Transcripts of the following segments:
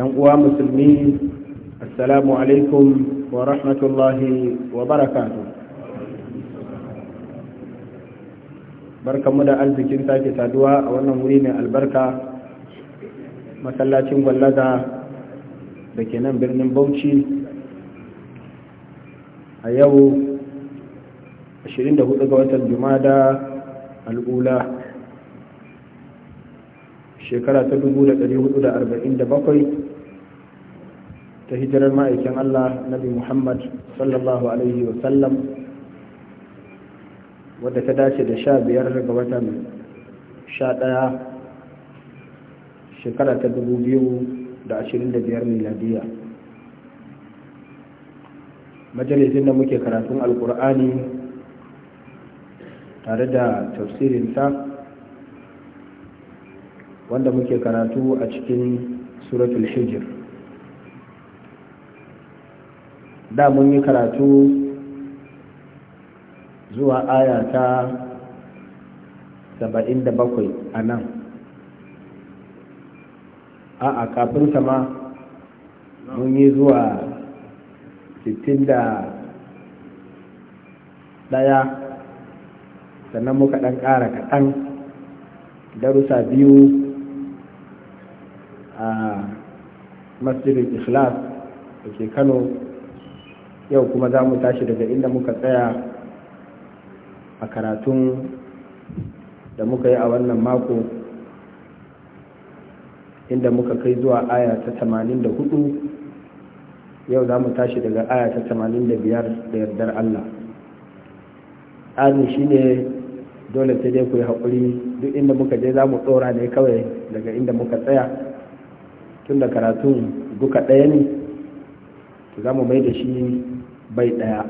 ‘yan uwa musulmi assalamu alaikum wa rahmatullahi wa barakatu barkamu da arzikin sake saduwa a wannan wuri mai albarka masallacin gwallaza da ke nan birnin bauchi a yau 24 ga watan jumada al'ula shekara ta 1447 ta hijirar ma'aikin Allah Nabi Muhammad sallallahu alaihi wasallam wadda ta dace da sha biyar ga watan sha ɗaya shekara ta dubu biyu da ashirin da biyar miladiya majalisin da muke karatun alkur'ani tare da tafsirinsa wanda muke karatu a cikin suratul hijir da mun yi karatu zuwa aya ta 77 a nan a a kafin sama mun yi zuwa 61 sannan muka ɗan ƙara kaɗan darussa biyu a masjidin ikhlas da ke kano yau kuma za mu tashi daga inda muka tsaya a karatun da muka yi a wannan mako inda muka kai zuwa aya ta tamanin da hudu, yau za mu tashi daga aya ta tamanin da biyar da yardar Allah tsarin shi ne dole sai dai ku yi haƙuri duk inda muka je za mu tsora ne kawai daga inda muka tsaya tun da karatun duka ɗaya ne za mu mai da shi bai ɗaya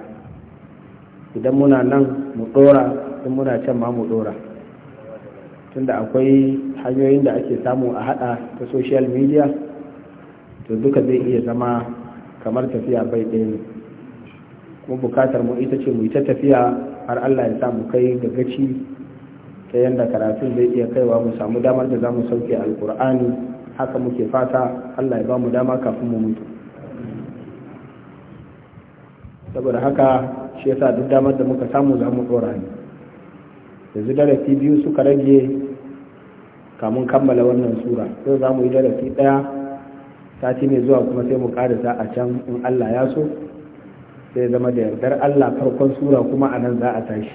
idan muna nan mu ɗora idan muna can ma mu ɗora tunda akwai hanyoyin da ake samu a hada ta social media to duka zai iya zama kamar tafiya bai ɗaya ne kuma bukatar mu ita ce mu yi ta tafiya har allah ya mu kai ga gaci ta yadda karatun zai iya kaiwa mu samu damar da za mu sauke alkur'ani haka muke fata allah ya ba mu dama kafin mu mutu saboda haka shi yasa duk damar da muka samu za mu tsora ne yanzu darasi biyu suka rage kamun kammala wannan sura yau za mu yi darasi ɗaya sati mai zuwa kuma sai mu ƙara za a can in allah ya so sai zama da yardar allah farkon sura kuma a nan za a tashi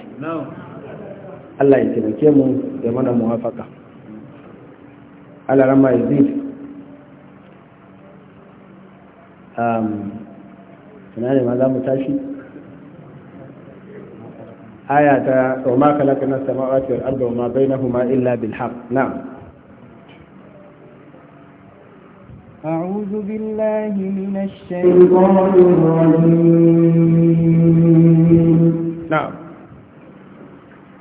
allah ya taimake mu da mana muwafaka allah rama yazid ina ne ma za mu tashi aya ta wa ma khalaqna as-samawati wal arda wa ma bainahuma illa bil haqq na'am أعوذ بالله من الشيطان الرجيم نعم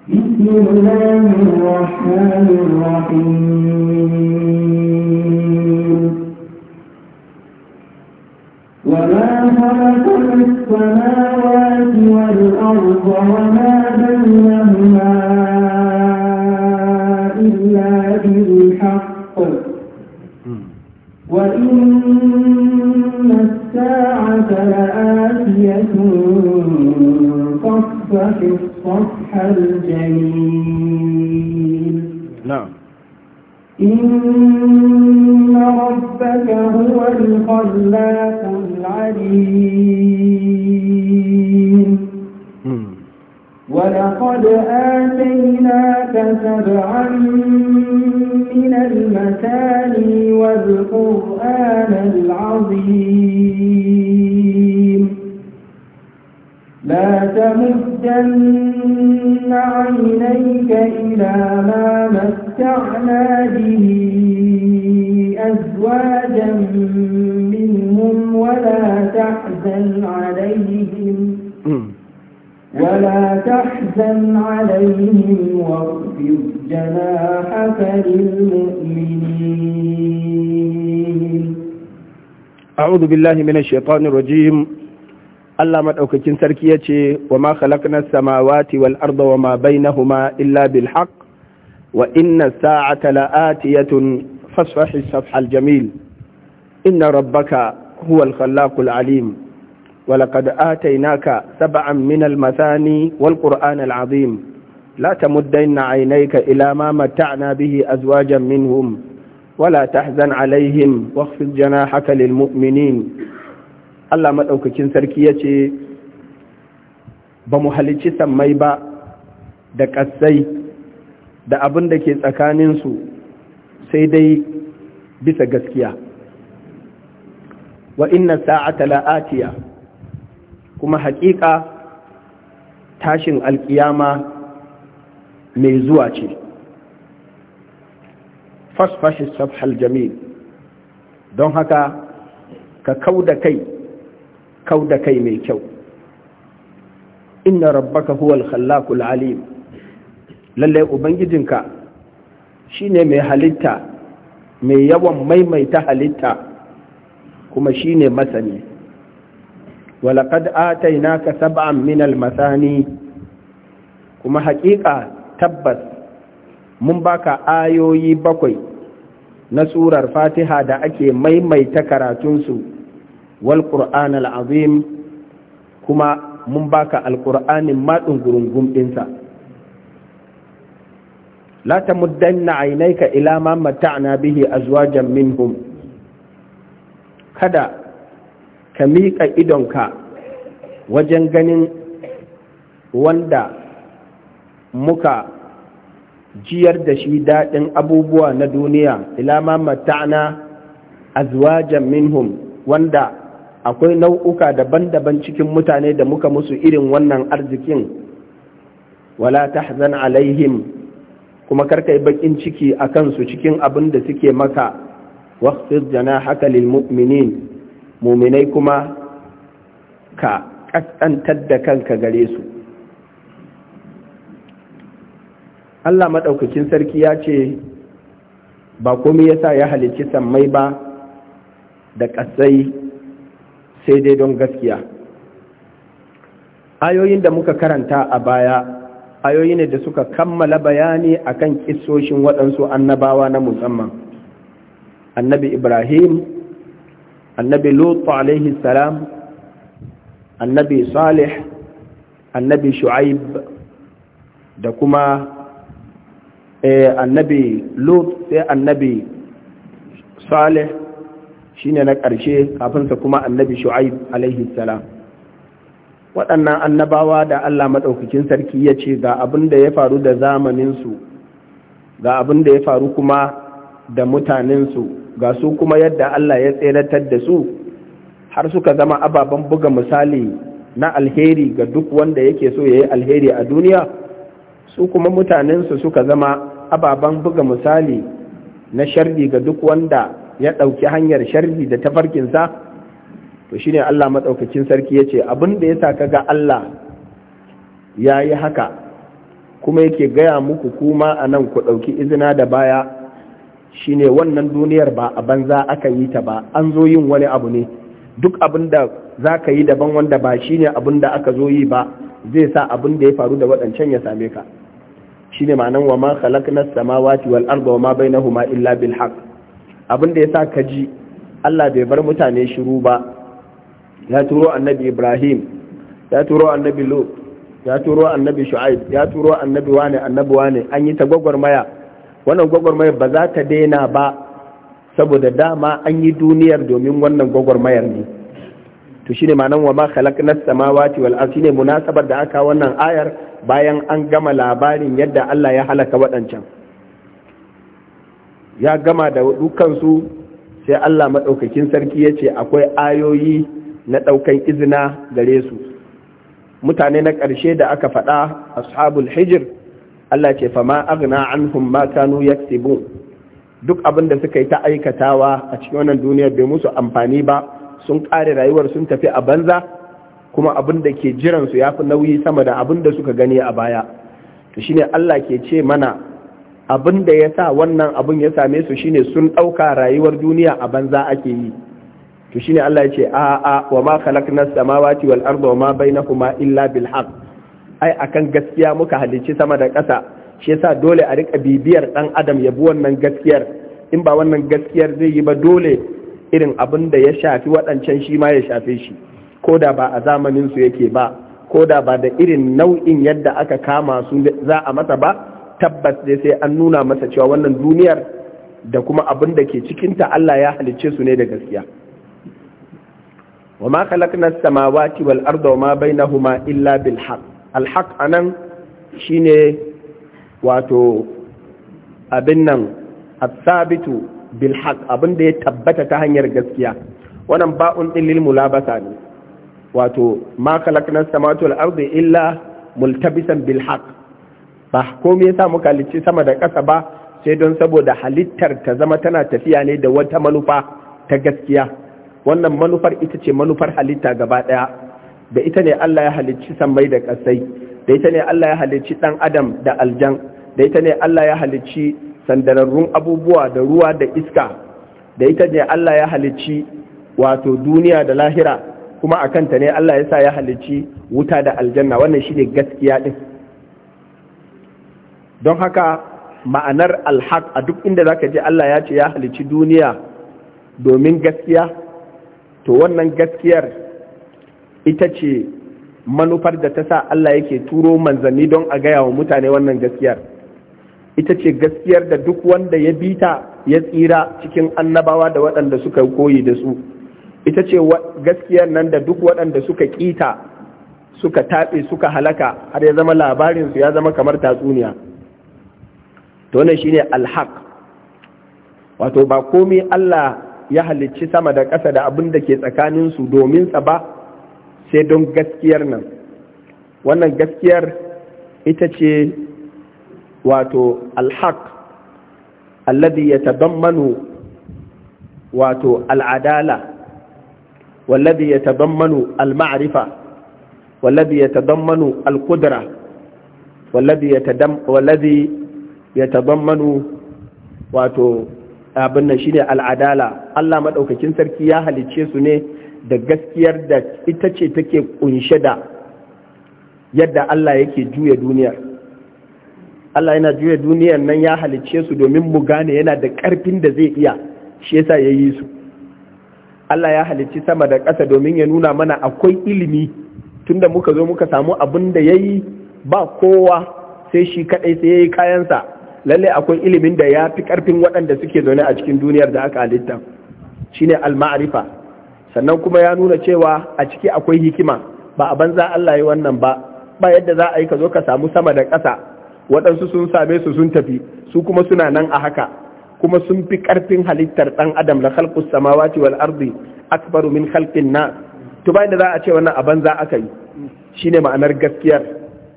بسم الله الرحمن الرحيم وما خلق السماوات والأرض وما بينهما إلا بالحق وإن الساعة لآتية فاصفح الصفح الجميل نعم إن ربك هو الخلاق العليم ولقد آتيناك سبعا من المثاني والقرآن العظيم لا تمدن عينيك إلى ما مس متعنا به أزواجا منهم ولا تحزن عليهم ولا تحزن عليهم واغفر جناحك للمؤمنين أعوذ بالله من الشيطان الرجيم Allah maɗaukakin sarki ya ce wa ma khalaqna samawati wal arda wa ma bainahuma illa bil haqq وإن الساعة لآتية فاصفح الصفح الجميل إن ربك هو الخلاق العليم ولقد آتيناك سبعا من المثاني والقرآن العظيم لا تمدن عينيك إلى ما متعنا به أزواجا منهم ولا تحزن عليهم واخفض جناحك للمؤمنين الله ما أوكي ya ce ba سميبا دك السيد da abin da ke tsakaninsu sai dai bisa gaskiya wa inna sa'ata la'atiya kuma haƙiƙa tashin alƙiyama mai zuwa ce fasfashi safhal jamil don haka ka kau da kai kau da kai mai kyau inna rabbaka huwal khallaqul alim lallai ubangijinka ne mai halitta mai yawan maimaita halitta kuma shi ne masani ataina atainaka sab'an min al-masani kuma haƙiƙa tabbas mun baka ayoyi bakwai na surar fatiha da ake maimaita karatunsu wal qur'an al-azim kuma mun baka al-qur'anin maɗin gurungun ɗinsa لا تمدن عينيك ila ما متعنا bihi azwajan منهم kada ka miƙa idonka wajen ganin wanda muka jiyar da shi daɗin abubuwa na duniya ilama mata'na azwajan minhum wanda akwai nau'uka daban-daban cikin mutane da muka musu irin wannan arzikin wala tahzan alaihim kuma karka yi bakin ciki a kansu cikin abin da suke maka waqfid janahaka lil mu'minin mu'minai kuma ka kaskantar da kanka gare su Allah madaukakin sarki ya ce ba komai yasa ya halicci sammai ba da ƙasai sai dai don gaskiya ayoyin da muka karanta a baya ayoyi ne da suka kammala bayani akan kissoshin waɗansu annabawa na musamman annabi ibrahim annabi lutu alaihi salam annabi salih annabi shu'aib da kuma eh, annabi lut sai annabi salih shine na ƙarshe kafinsa kuma annabi shu'aib alaihi salam waɗannan annabawa da Allah maɗaukakin sarki ya ce ga abin da ya faru da zamaninsu ga abin da ya faru kuma da mutanensu ga su kuma yadda Allah ya tseratar da su har suka zama ababen buga misali na alheri ga duk wanda yake so ya yi alheri a duniya su kuma mutanensu suka zama ababen buga misali na shardi ga duk wanda ya ɗauki hanyar shardi da tafarkinsa to shi ne Allah matsaukacin sarki ya ce, abin da ya yasa ga Allah ya yi haka kuma yake gaya muku kuma a nan ku ɗauki izina da baya Shi ne wannan duniyar ba a banza aka yi ta ba an zo yin wani abu ne duk abin da za ka yi daban wanda ba shi ne abin da aka zo yi ba zai sa abin da ya faru da waɗancan ya same ka Shi ne ma'anan wa ma khalaqna samawati wal arda wa ma bainahuma illa bil haqq abin da ya sa ka ji Allah bai bar mutane shiru ba ya turo annabi ibrahim ya turo annabi lo ya turo annabi shu'aib ya turo annabi wane annabi wane an yi ta gwagwarmaya wannan gwagwarmayar ba za ta daina ba saboda dama an yi duniyar domin wannan gwagwarmayar ne to shine ma'anar wa ma khalaqnas samawati wal ardi ne munasabar da aka wannan ayar bayan an gama labarin yadda Allah ya halaka wadancan ya gama da dukkan su sai Allah madaukakin sarki yace akwai ayoyi na ɗaukan izina gare su mutane na ƙarshe da aka faɗa ashabul hijir Allah ce fama an anhum ma kanu yaktubun duk abin da suka yi ta aikatawa a cikin wannan duniyar bai musu amfani ba sun ƙare rayuwar sun tafi a banza kuma abin da ke jiran su yafi nauyi sama da abin da suka gani a baya to shine Allah ke ce mana abin da ya sa wannan abin ya same su shine sun ɗauka rayuwar duniya a banza ake yi to shine Allah ya ce a a wa ma khalaqna samawati wal arda wa ma bainahuma illa bil haqq ai akan gaskiya muka halicci sama da ƙasa shi yasa dole a rika bibiyar dan adam ya bi wannan gaskiyar in ba wannan gaskiyar zai yi ba dole irin abin da ya shafi waɗancan shi ma ya shafe shi ko da ba a zamanin su yake ba ko da ba da irin nau'in yadda aka kama su za a masa ba tabbas dai sai an nuna masa cewa wannan duniyar da kuma abin da ke cikinta Allah ya halicce su ne da gaskiya wa ma khalaqna as-samawati wal arda wa ma bainahuma illa bil haqq al haqq anan shine wato abin nan as-sabitu bil haqq abin da ya tabbata ta hanyar gaskiya wannan ba'un din lil mulabasa ne wato ma khalaqna as-samawati wal arda illa multabisan bil haqq ba komai yasa muka halicci sama da ƙasa ba sai don saboda halittar ta zama tana tafiya ne da wata manufa ta gaskiya wannan manufar ita ce manufar halitta gaba ɗaya da ita ne Allah ya halicci sammai da ƙasai da ita ne Allah ya halicci ɗan adam da aljan da ita ne Allah ya halicci sandararrun abubuwa da ruwa da iska da ita ne Allah ya halicci wato duniya da lahira kuma a kanta ne Allah ya sa ya halicci wuta da aljanna wannan shi ne gaskiya ɗin. don haka ma'anar alhaq a duk inda za ka je Allah ya ce ya halicci duniya domin gaskiya to wannan gaskiyar ita ce manufar da ta sa Allah yake turo manzanni don a gaya wa mutane wannan gaskiyar ita ce gaskiyar da duk wanda ya bita ya tsira cikin annabawa da waɗanda suka koyi da su ita ce gaskiyar nan da duk waɗanda suka ƙita suka taɓe suka halaka har ya zama labarinsu ya zama kamar tatsuniya to wannan shine alhaq wato ba komi Allah ya halicci sama da ƙasa da abin da ke tsakaninsu domin sa ba sai don gaskiyar nan wannan gaskiyar ita ce wato alhaq alladhi yatadammanu wato al'adala walladhi yatadammanu al-ma'rifa walladhi yatadammanu al-qudra walladhi yatadammanu wato abin nan shine al'adala Allah madaukakin sarki ya halicce su ne da gaskiyar da ita ce take kunshe da yadda Allah yake juya duniyar Allah yana juya duniyar nan ya halicce su domin mu gane yana da ƙarfin da zai iya shi yasa ya yi su Allah ya halicci sama da ƙasa domin ya nuna mana akwai ilimi tunda muka zo muka samu abin da ya yi ba kowa sai shi kaɗai sai ya yi kayansa Lallai akwai ilimin da ya fi karfin waɗanda suke zaune a cikin duniyar da aka halitta shine al-ma'rifa sannan kuma ya nuna cewa a ciki akwai hikima ba a banza Allah yi wannan ba ba yadda za a yi ka zo ka samu sama da ƙasa waɗansu sun same su sun tafi su kuma suna nan a haka kuma sun fi ƙarfin halittar ɗan adam la khalqus samawati wal ardi akbaru min khalqin nas to ba yadda za a ce wannan a banza aka yi shine ma'anar gaskiyar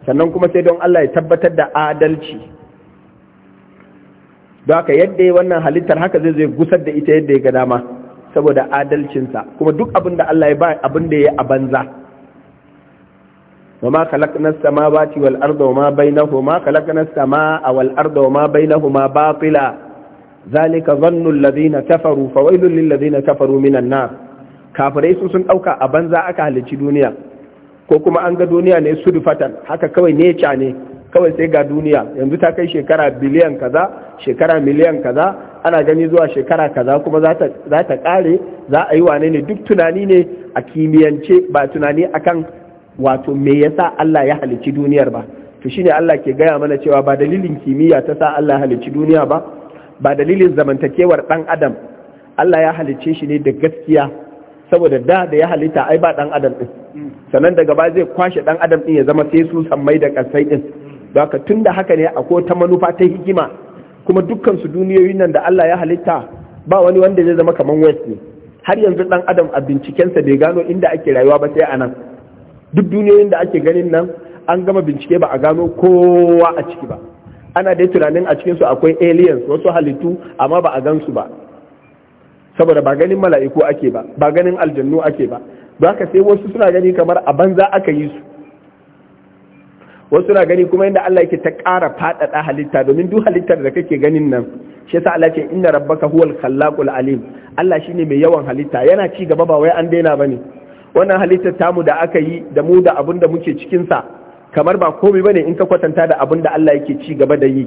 sannan kuma sai don Allah ya tabbatar da adalci don haka yadda ya wannan halittar haka zai zai gusar da ita yadda ya ga dama saboda adalcinsa kuma duk abin da Allah ya ba abin da ya yi a banza وما خلقنا السماوات والأرض وما بينهما خلقنا السماء والأرض وما بينهما باطلا ذلك ظن الذين كفروا فويل للذين كفروا من النار kafirai su sun ɗauka a banza aka halicci duniya ko kuma an ga duniya ne sudufatan haka kawai neca ne kawai sai ga duniya yanzu ta kai shekara biliyan kaza shekara miliyan kaza ana gani zuwa shekara kaza kuma za ta kare za a yi wane ne duk tunani ne a kimiyyance ba tunani akan wato me yasa Allah ya halicci duniyar ba to shine Allah ke gaya mana cewa ba dalilin kimiyya ta sa Allah ya halicci duniya ba ba dalilin zamantakewar dan adam Allah ya halicce shi ne da gaskiya saboda da da ya halitta ai ba dan adam din hmm. sannan daga ba zai kwashe dan adam din ya zama sai su sammai da kasai ɗin. haka tun da haka ne akwai ta manufa ta hikima kuma dukkan duniyoyin nan da Allah ya halitta ba wani wanda zai zama kamar west ne har yanzu dan adam a bincikensa bai gano inda ake rayuwa ba sai a nan duk duniyoyin da ake ganin nan an gama bincike ba a gano kowa a ciki ba ana dai tunanin a cikinsu akwai aliens wasu halittu amma ba a gansu ba saboda ba ganin mala'iku ake ba ba ganin aljannu ake ba ba ka sai wasu suna gani kamar a banza aka yi su wasu na gani kuma inda Allah yake ta ƙara faɗaɗa halitta domin duk halittar da kake ganin nan shi yasa Allah ce inna rabbaka huwal khallaqul alim Allah shine mai yawan halitta yana ci gaba ba wai an daina bane wannan halittar tamu da aka yi da mu da abin da muke cikin sa kamar ba komai bane in ka kwatanta da abin da Allah yake ci gaba da yi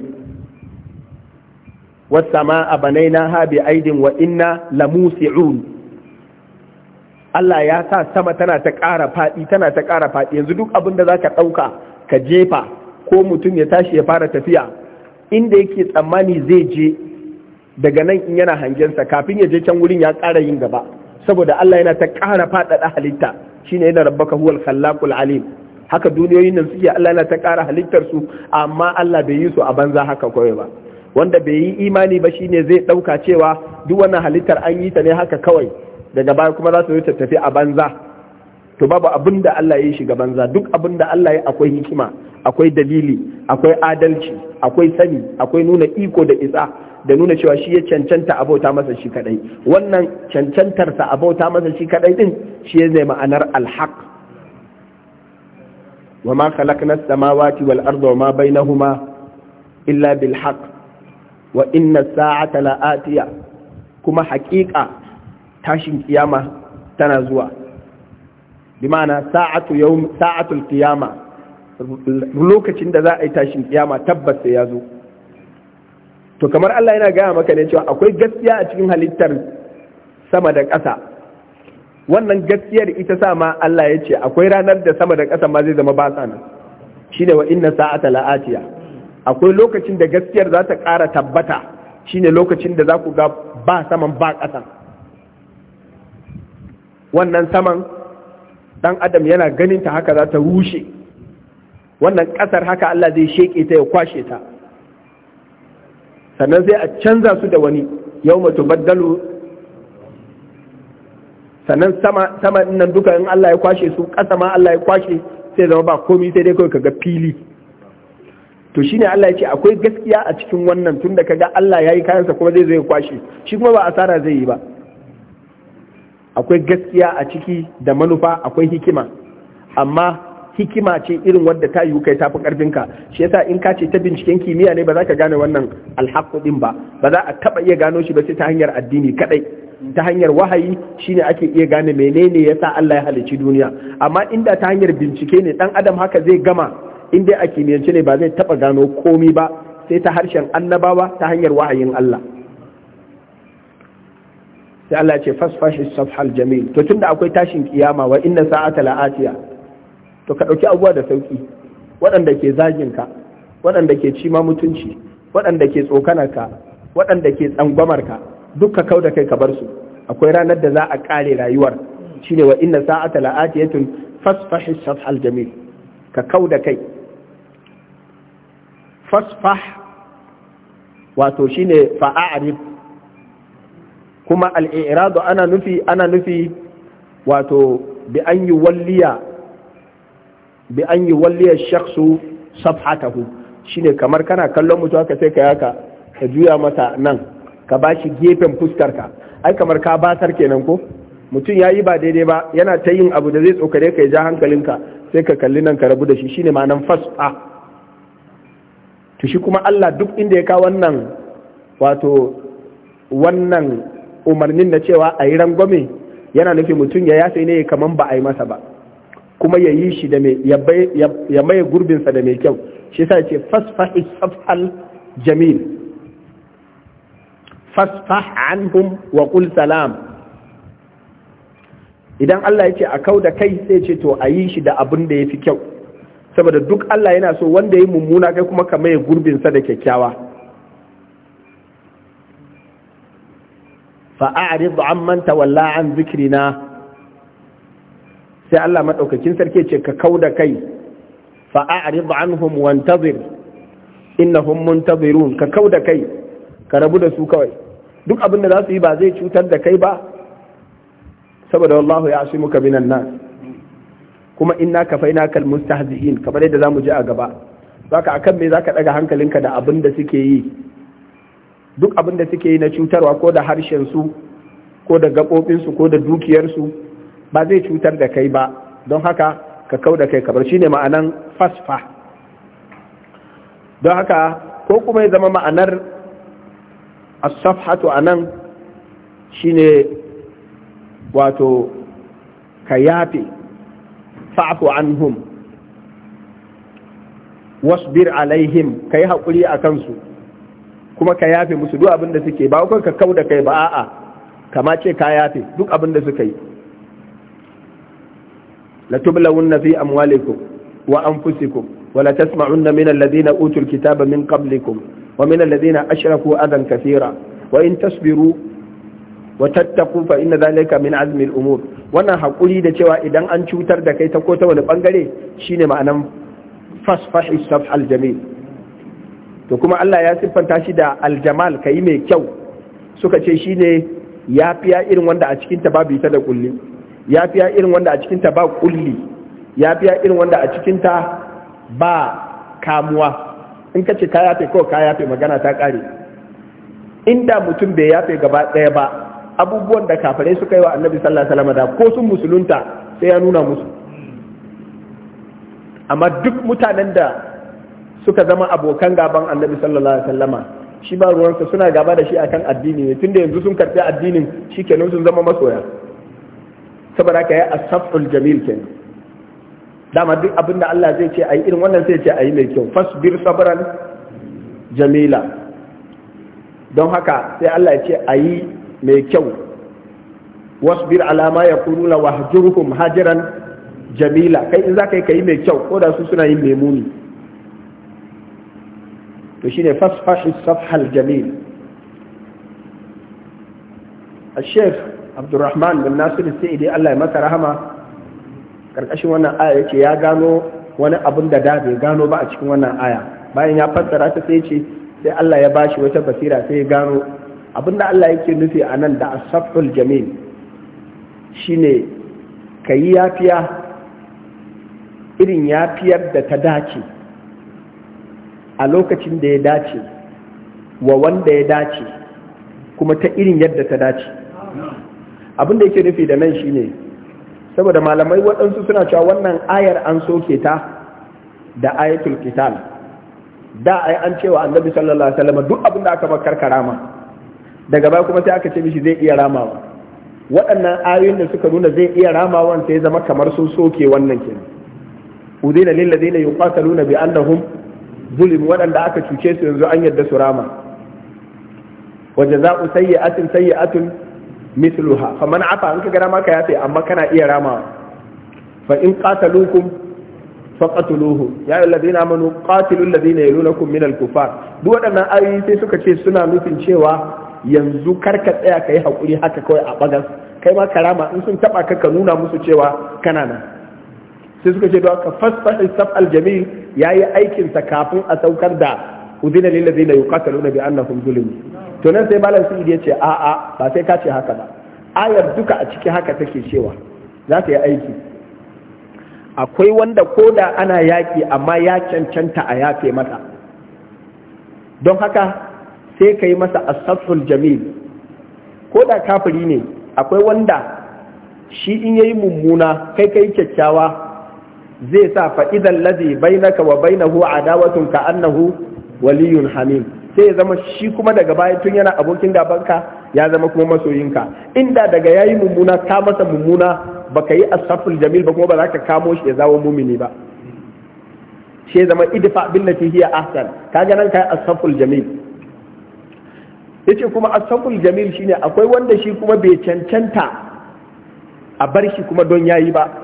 was samaa ha bi aidin wa inna lamusi'un Allah ya sa sama tana ta ƙara faɗi tana ta ƙara faɗi yanzu duk abin da zaka ɗauka ka jefa ko mutum ya tashi ya fara tafiya inda yake tsammani zai je daga nan in yana hangensa kafin ya je can wurin ya ƙara yin gaba saboda Allah yana ta ƙara faɗaɗa halitta shine yana rabbaka huwal khallaqul alim haka duniyoyin nan suke Allah yana ta ƙara halittar su amma Allah bai yi su a banza haka kawai ba wanda bai yi imani ba shine zai ɗauka cewa duk wannan halittar an yi ta ne haka kawai daga baya kuma za su yi tafi a banza to babu abin da Allah ya yi shiga banza, duk abin da Allah ya akwai hikima akwai dalili akwai adalci akwai sani akwai nuna iko da isa da nuna cewa shi ya cancanta abota masa shi kadai wannan cancantarsa abota masa shi kadai din shi ya zai ma'anar alhaq wa ma khalaqna as-samawati wal arda wa ma bainahuma illa bil haqq wa inna as-sa'ata la'atiya kuma haƙiƙa tashin kiyama tana zuwa bi ma'ana sa'atu yawm sa'atul qiyama lokacin da za a yi tashin kiyama tabbas sai ya zo to kamar Allah yana gaya maka ne cewa akwai gaskiya a cikin halittar sama da ƙasa wannan gaskiyar ita sa ma Allah ya ce akwai ranar da sama da ƙasa ma zai zama ba sa nan shine wa inna sa'ata la'atiya akwai lokacin da gaskiyar za ta ƙara tabbata shine lokacin da za ku ga ba saman ba ƙasa wannan saman dan adam yana ganin ta haka za ta rushe wannan ƙasar haka Allah zai sheke ta ya kwashe ta sannan sai a canza su da wani yawma tubaddalu sannan sama sama nan duka in Allah ya kwashe su kasa ma Allah ya kwashe sai zama ba komai sai dai kawai kaga fili to shine Allah ya ce akwai gaskiya a cikin wannan tunda kaga Allah yayi kayansa kuma zai zo ya kwashe shi kuma ba asara zai yi ba akwai gaskiya a ciki da manufa akwai hikima amma hikima ce irin wanda ta yiwu kai tafi karfinka shi yasa in ka ce ta binciken kimiyya ne ba za ka gane wannan alhaqu din ba ba za a taɓa iya gano shi ba sai ta hanyar addini kaɗai ta hanyar wahayi shine ake iya gane menene yasa Allah ya halicci duniya amma inda ta hanyar bincike ne dan adam haka zai gama in dai a kimiyyance ne ba zai taɓa gano komi ba sai ta harshen annabawa ta hanyar wahayin Allah sai Allah ce fasfashi safhal jamil to tunda akwai tashin kiyama wa inna sa'ata la'atiya to ka dauki abuwa da sauki waɗanda ke zagin ka waɗanda ke cima mutunci waɗanda ke tsokanar ka waɗanda ke tsangwamar ka dukka kau da kai ka bar su akwai ranar da za a kare rayuwar shine wa inna sa'ata la'atiyatun fasfahi safhal jamil ka kau da kai fasfah wato shine fa'arif kuma al ana nufi ana nufi wato bi an walliya bi an walliya shakhsu safhatahu shine kamar kana kallon mutu haka sai ka yaka ka juya masa nan ka bashi gefen fuskarka ai kamar ka batar kenan ko mutum ya yi ba daidai ba yana ta yin abu da zai tsokare ka ja hankalinka sai ka kalli nan ka rabu da shi shine ma'anan fas'a to shi kuma Allah duk inda ya ka wannan wato wannan umarnin na cewa a yi rangwame yana nufin mutum ya yafe ne kamar ba a yi masa ba kuma ya yi shi ya maye gurbinsa da mai kyau shi sa ce fasfahi safal jamil fasfah anhum wa qul salam idan Allah ya ce a kau da kai sai ce to a yi shi da abin da ya fi kyau saboda duk Allah yana so wanda ya yi mummuna kai kuma ka maye gurbinsa da kyakkyawa fa'a'rid amman tawalla an zikrina sai Allah madaukakin sarki ce ka kauda kai tabir anhum wantazir innahum muntazirun ka kauda kai ka rabu da su kawai duk abin da za su yi ba zai cutar da kai ba saboda wallahu ya asimu ka minan nan kuma inna na kal mustahzi'in kamar yadda zamu ji a gaba zaka akan me zaka daga hankalinka da abin da suke yi duk abin da suke yi na cutarwa ko da harshen su ko da gaɓoɓinsu ko da dukiyarsu ba zai cutar da kai ba don haka ka kau da kai kabar shine ma'anan fasfa don haka ko kuma ya zama ma'anar asafhatu a nan shine wato ka yafe fa'afu anhum wasbir alaihim ka yi haƙuri a kansu kuma ka yafe musu duk abin da suke ba kuma ka kau da kai ba a'a kama ce ka yafe duk abin da suka yi la tublawunna fi amwalikum wa anfusikum wa la tasma'unna min alladhina utul kitaba min qablikum wa min alladhina ashraku adan kathira wa in tasbiru wa tattaku fa inna dhalika min azmi al-umur wannan hakuri da cewa idan an cutar da kai ta ko ta wani bangare shine ma'anan fasfahi safh jamil to kuma Allah ya siffanta shi da aljamal kai mai kyau suka ce ne ya fiya irin wanda a cikin ta babu ita da kulli ya fiya irin wanda a cikin ta ba kulli ya fiya irin wanda a cikin ta ba kamuwa in ka ce ka yafe ko ka yafe magana ta kare inda mutum bai yafe gaba ɗaya ba abubuwan da kafare suka yi wa annabi sallallahu alaihi wasallam da ko sun musulunta sai ya nuna musu amma duk mutanen da suka zama abokan gaban annabi sallallahu alaihi wasallama shi ba ruwansa suna gaba da shi akan addini ne tunda yanzu sun karɓi addinin shi kenan sun zama masoya saboda ka yi asaful jamil kenan dama duk abin da Allah zai ce ayi irin wannan sai ce ayi mai kyau fasbir sabran jamila don haka sai Allah ya ce ayi mai kyau wasbir ala ma yaquluna wahjurhum hajaran jamila kai in zaka yi kai mai kyau ko da su suna yin memuni to shine fasfahi safhal jamil al-sheikh abdurrahman bin nasir sai Allah ya masa rahama karkashin wannan aya yace ya gano wani abun da da bai gano ba a cikin wannan aya bayan ya fassara ta sai ce sai Allah ya bashi wata basira sai ya gano abin da Allah yake nufi a nan da asaful jamil shine ka yi yafiya irin yafiyar da ta dace a lokacin da ya dace wa wanda ya dace kuma ta irin yadda ta dace abin da yake nufi da nan shine saboda malamai waɗansu suna cewa wannan ayar an soke ta da ayatul qital da ai an cewa annabi sallallahu alaihi wasallam duk abin da aka bakar karama daga baya kuma sai aka ce mishi zai iya ramawa waɗannan ayoyin da suka nuna zai iya ramawan sai zama kamar sun soke wannan kenan udina lil ladina yuqataluna bi annahum zulim waɗanda aka cuce su yanzu an yadda su rama wa jaza'u sayyi'atin sayyi'atun fa faman afa an kaga rama ka yafe amma kana iya rama fa in qataluukum faqatuluhu ya ayyuhalladhina amanu qatilul ladhina yalunakum minal kufar duk waɗannan ayoyi sai suka ce suna nufin cewa yanzu kar ka tsaya kai hakuri haka kawai a bagas kai ma karama in sun taba ka ka nuna musu cewa kana nan sai suka ce don ka fasfahi saf aljamil Ya yi aikinsa kafin a saukar da udina na ladina yuqataluna bi annahum zulimu to nan sai malam sun ya ce a a ba sai ka ce haka ba ayar duka a ciki haka take cewa za ta yi aiki akwai wanda ko da ana yaƙi amma ya cancanta a yafe mata don haka sai ka yi masa asaful jamil ko da kafiri ne akwai wanda shi in yayi mummuna kai kai kyakkyawa zai sa fa idan ladhi bainaka wa bainahu adawatun ka annahu waliyun hamim sai ya zama shi kuma daga baya tun yana abokin gabanka ya zama kuma masoyinka inda daga yayi mummuna ka masa mummuna baka yi asaful jamil ba kuma ba za ka kamo shi ya zawo mumini ba shi ya zama idfa billati hiya ahsan kaga nan kai asaful jamil yace kuma asaful jamil shine akwai wanda shi kuma bai cancanta a bar shi kuma don yayi ba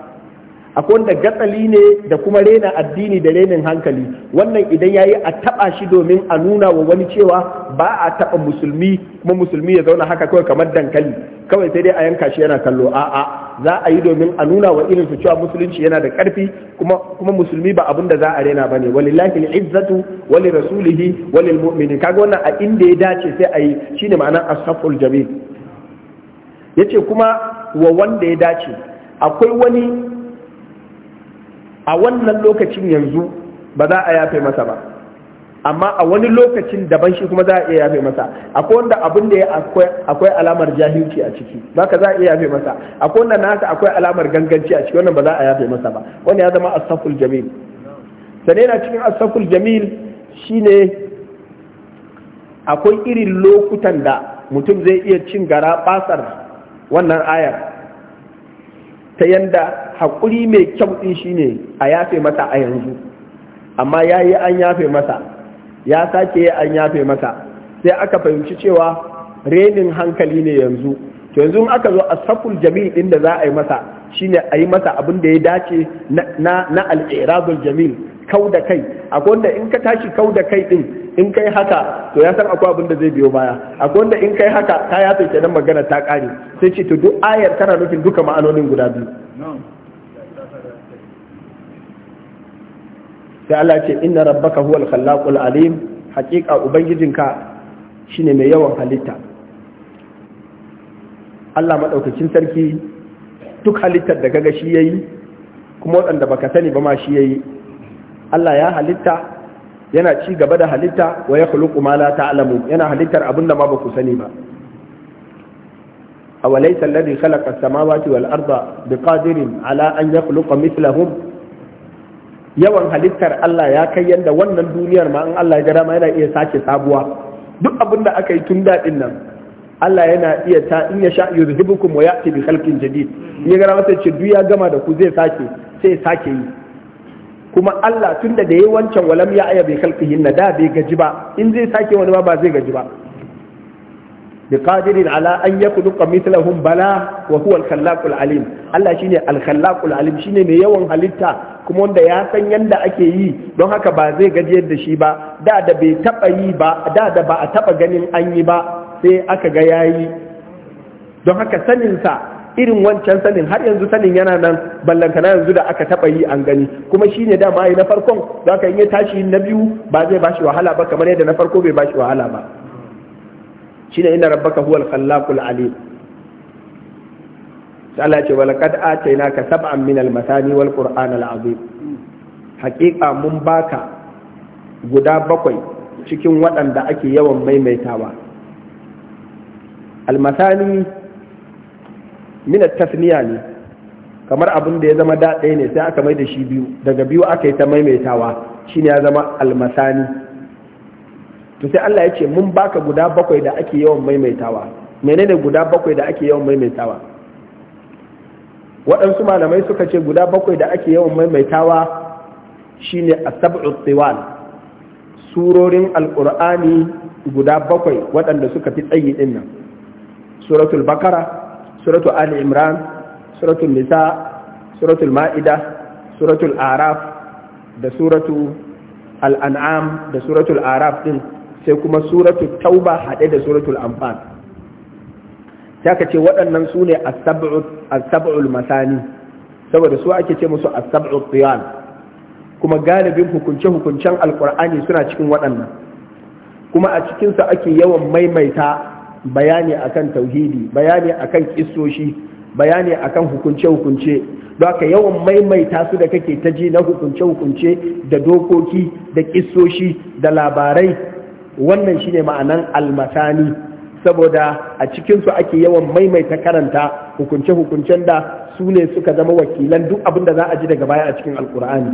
akwai wanda gatsali ne da kuma rena addini da renin hankali wannan idan yayi a taba shi domin a nuna wa wani cewa ba a taba musulmi kuma musulmi ya zauna haka kawai kamar dankali kawai sai dai a yanka shi yana kallo a'a za a yi domin a nuna wa irin su cewa musulunci yana da karfi kuma kuma musulmi ba abin da za a rena bane walillahi izzatu wali rasulihi walil mu'minin kaga wannan a inda ya dace sai a yi shine ma'anar ashaful jamil yace kuma wa wanda ya dace akwai wani a wannan lokacin yanzu ba za a yafe masa ba amma a wani lokacin daban shi kuma za a iya yafe masa akwai wanda abin da ya akwai alamar jahilci a ciki ba ka za a iya yafe masa akwai wanda nasa akwai alamar ganganci a ciki wannan ba za a yafe masa ba wanda ya zama asaful jamil sane na cikin asaful jamil shine akwai irin lokutan da mutum zai iya cin gara basar wannan ayar ta yanda haƙuri mai kyau ɗin shine a yafe masa a yanzu amma ya yi an yafe masa ya sake yi an yafe masa sai aka fahimci cewa renin hankali ne yanzu to yanzu aka zo a saful jamil ɗin da za a yi masa shine a yi masa abin da ya dace na al'iradul jamil kau da kai akwai wanda in ka tashi kau da kai din in kai haka to ya san akwai abin da zai biyo baya akwai wanda in kai haka ka ya sai magana ta kare sai ce to duk ayar tana nufin duka ma'anonin guda biyu sai Allah ce inna rabbaka huwal khallaqul alim hakika ubangijinka shine mai yawan halitta Allah madaukakin sarki duk halittar da kaga shi yayi kuma waɗanda baka sani ba ma shi yayi Allah ya halitta yana ci gaba da halitta wa ya khuluqu ma la ta'lamu yana halittar abinda ma ba ku sani ba laysa alladhi khalaqa as-samawati wal arda biqadirin ala an yakhluqa mithlahum yawan halittar Allah ya kai yanda wannan duniyar ma in Allah ya gara ma yana iya sake sabuwa duk abinda aka yi tun dadin nan Allah yana iya ta in ya sha yuzhibukum wa ya'ti bi khalqin jadid ya gara masa ce duk ya gama da ku zai sake sai sake yi kuma Allah tun da yayi wancan walam ya aya bai na, da bai gaji ba in zai sake wani ba ba zai gaji ba bi qadirin ala an yakhluqa mithlahum bala wa huwa al-khallaqul alim Allah shine al-khallaqul alim shine mai yawan halitta kuma wanda ya san yanda ake yi don haka ba zai gaji yadda shi ba da da bai taba yi ba da da ba a taba ganin an yi ba sai aka ga yayi don haka saninsa irin wancan sanin har yanzu sanin yana nan na yanzu da aka taba yi an gani kuma shine ne dama yi na farkon za ka yi tashi na biyu ba zai bashi wahala ba kamar yadda na farko bai bashi wahala ba shi ne ina rabbaka huwal khallaqul alim sai ce wala kad atainaka sab'an min al masani wal qur'an al azim mun baka guda bakwai cikin waɗanda ake yawan maimaitawa al masani min tasniya ne kamar abin da ya zama da ɗaya ne sai aka mai da shi biyu daga biyu aka yi ta maimaitawa shine ya zama almasani to sai Allah ya ce mun baka guda bakwai da ake yawan maimaitawa menene guda bakwai da ake yawan maimaitawa waɗansu malamai suka ce guda bakwai da ake yawan maimaitawa shine asab'u tiwal surorin alqur'ani guda bakwai waɗanda suka fi tsayi ɗin nan suratul bakara suratul ali imran suratul nisa suratul ma'ida suratul araf da suratul anam da suratul araf din sai kuma suratul tauba haɗe da suratul amfan ta ka ce waɗannan su ne asab'ul masani saboda su ake ce musu asab'ul tsiyan kuma galibin hukunce-hukuncen alkur'ani suna cikin waɗannan kuma a cikinsa ake yawan maimaita bayani akan tauhidi bayani akan kissoshi bayani akan hukunce-hukunce ka yawan maimaita su da kake ta ji na hukunce-hukunce da dokoki da kissoshi da labarai wannan shine ma'anan almatani saboda a cikinsu ake yawan maimaita karanta hukunce-hukuncen da su ne suka zama wakilan duk abin da za a ji daga baya a cikin alkur'ani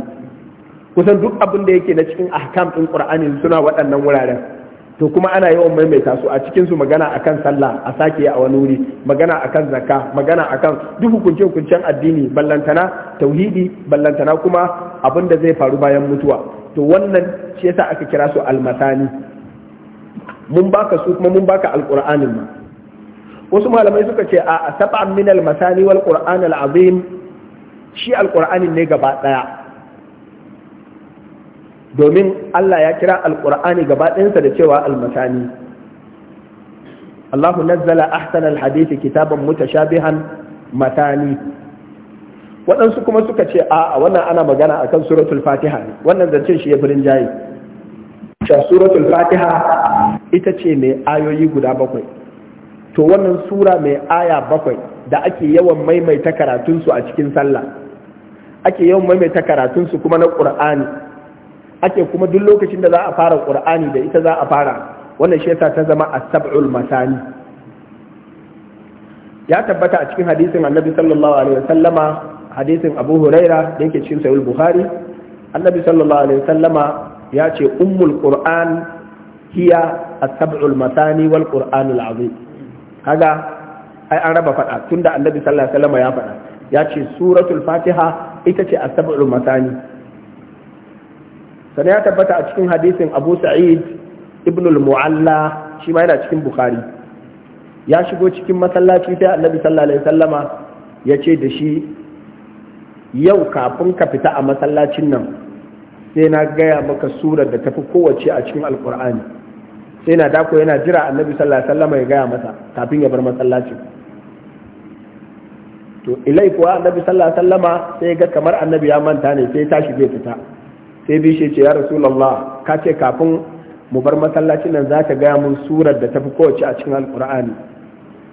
kusan duk abin da yake na cikin ahkam ɗin ƙur'ani suna waɗannan wuraren to kuma ana yawan maimaita su a cikin su magana akan sallah a sake a wani wuri magana akan zakka magana akan duk hukunce hukuncen addini ballantana tauhidi ballantana kuma abin da zai faru bayan mutuwa to wannan shi yasa aka kira su almasani mun baka su kuma mun baka alqur'anin ma wasu malamai suka ce a sab'an min almasani wal qur'an shi alqur'anin ne gaba daya domin Allah ya kira alƙur'ani gaba ɗinsa da cewa almasani Allahu nazzala ahsana alhadisi kitaban mutashabihan matani waɗansu kuma suka ce a wannan ana magana akan suratul fatiha ne wannan zancen shi ya birin jayi suratul fatiha ita ce mai ayoyi guda bakwai to wannan sura mai aya bakwai da ake yawan maimaita karatunsu a cikin sallah ake yawan maimaita karatunsu kuma na ƙur'ani ake kuma duk lokacin da za a fara qur'ani da ita za a fara wannan shi yasa ta zama as-sab'ul masani ya tabbata a cikin hadisin annabi sallallahu alaihi wasallama hadisin abu huraira da yake cikin sahih bukhari annabi sallallahu alaihi wasallama ya ce ummul qur'an hiya as-sab'ul masani wal qur'anul azim kaga ai an raba fada tunda annabi sallallahu alaihi wasallama ya fada ya ce suratul fatiha ita ce as-sab'ul masani sannan ya tabbata a cikin hadisin abu sa'id ibn al-mu'alla shi ma yana cikin bukhari ya shigo cikin masallaci sai annabi sallallahu alaihi wasallama ya ce da shi yau kafin ka fita a masallacin nan sai na gaya maka surar da tafi kowace a cikin alkur'ani sai na dako yana jira annabi sallallahu alaihi wasallama ya gaya masa kafin ya bar masallacin to ilai kuwa annabi sallallahu alaihi wasallama sai ga kamar annabi ya manta ne sai tashi zai fita sai bishe ce ya rasulallah ka ce kafin mu bar masallaci nan za ka gaya mun surar da tafi kowace a cikin alkur'ani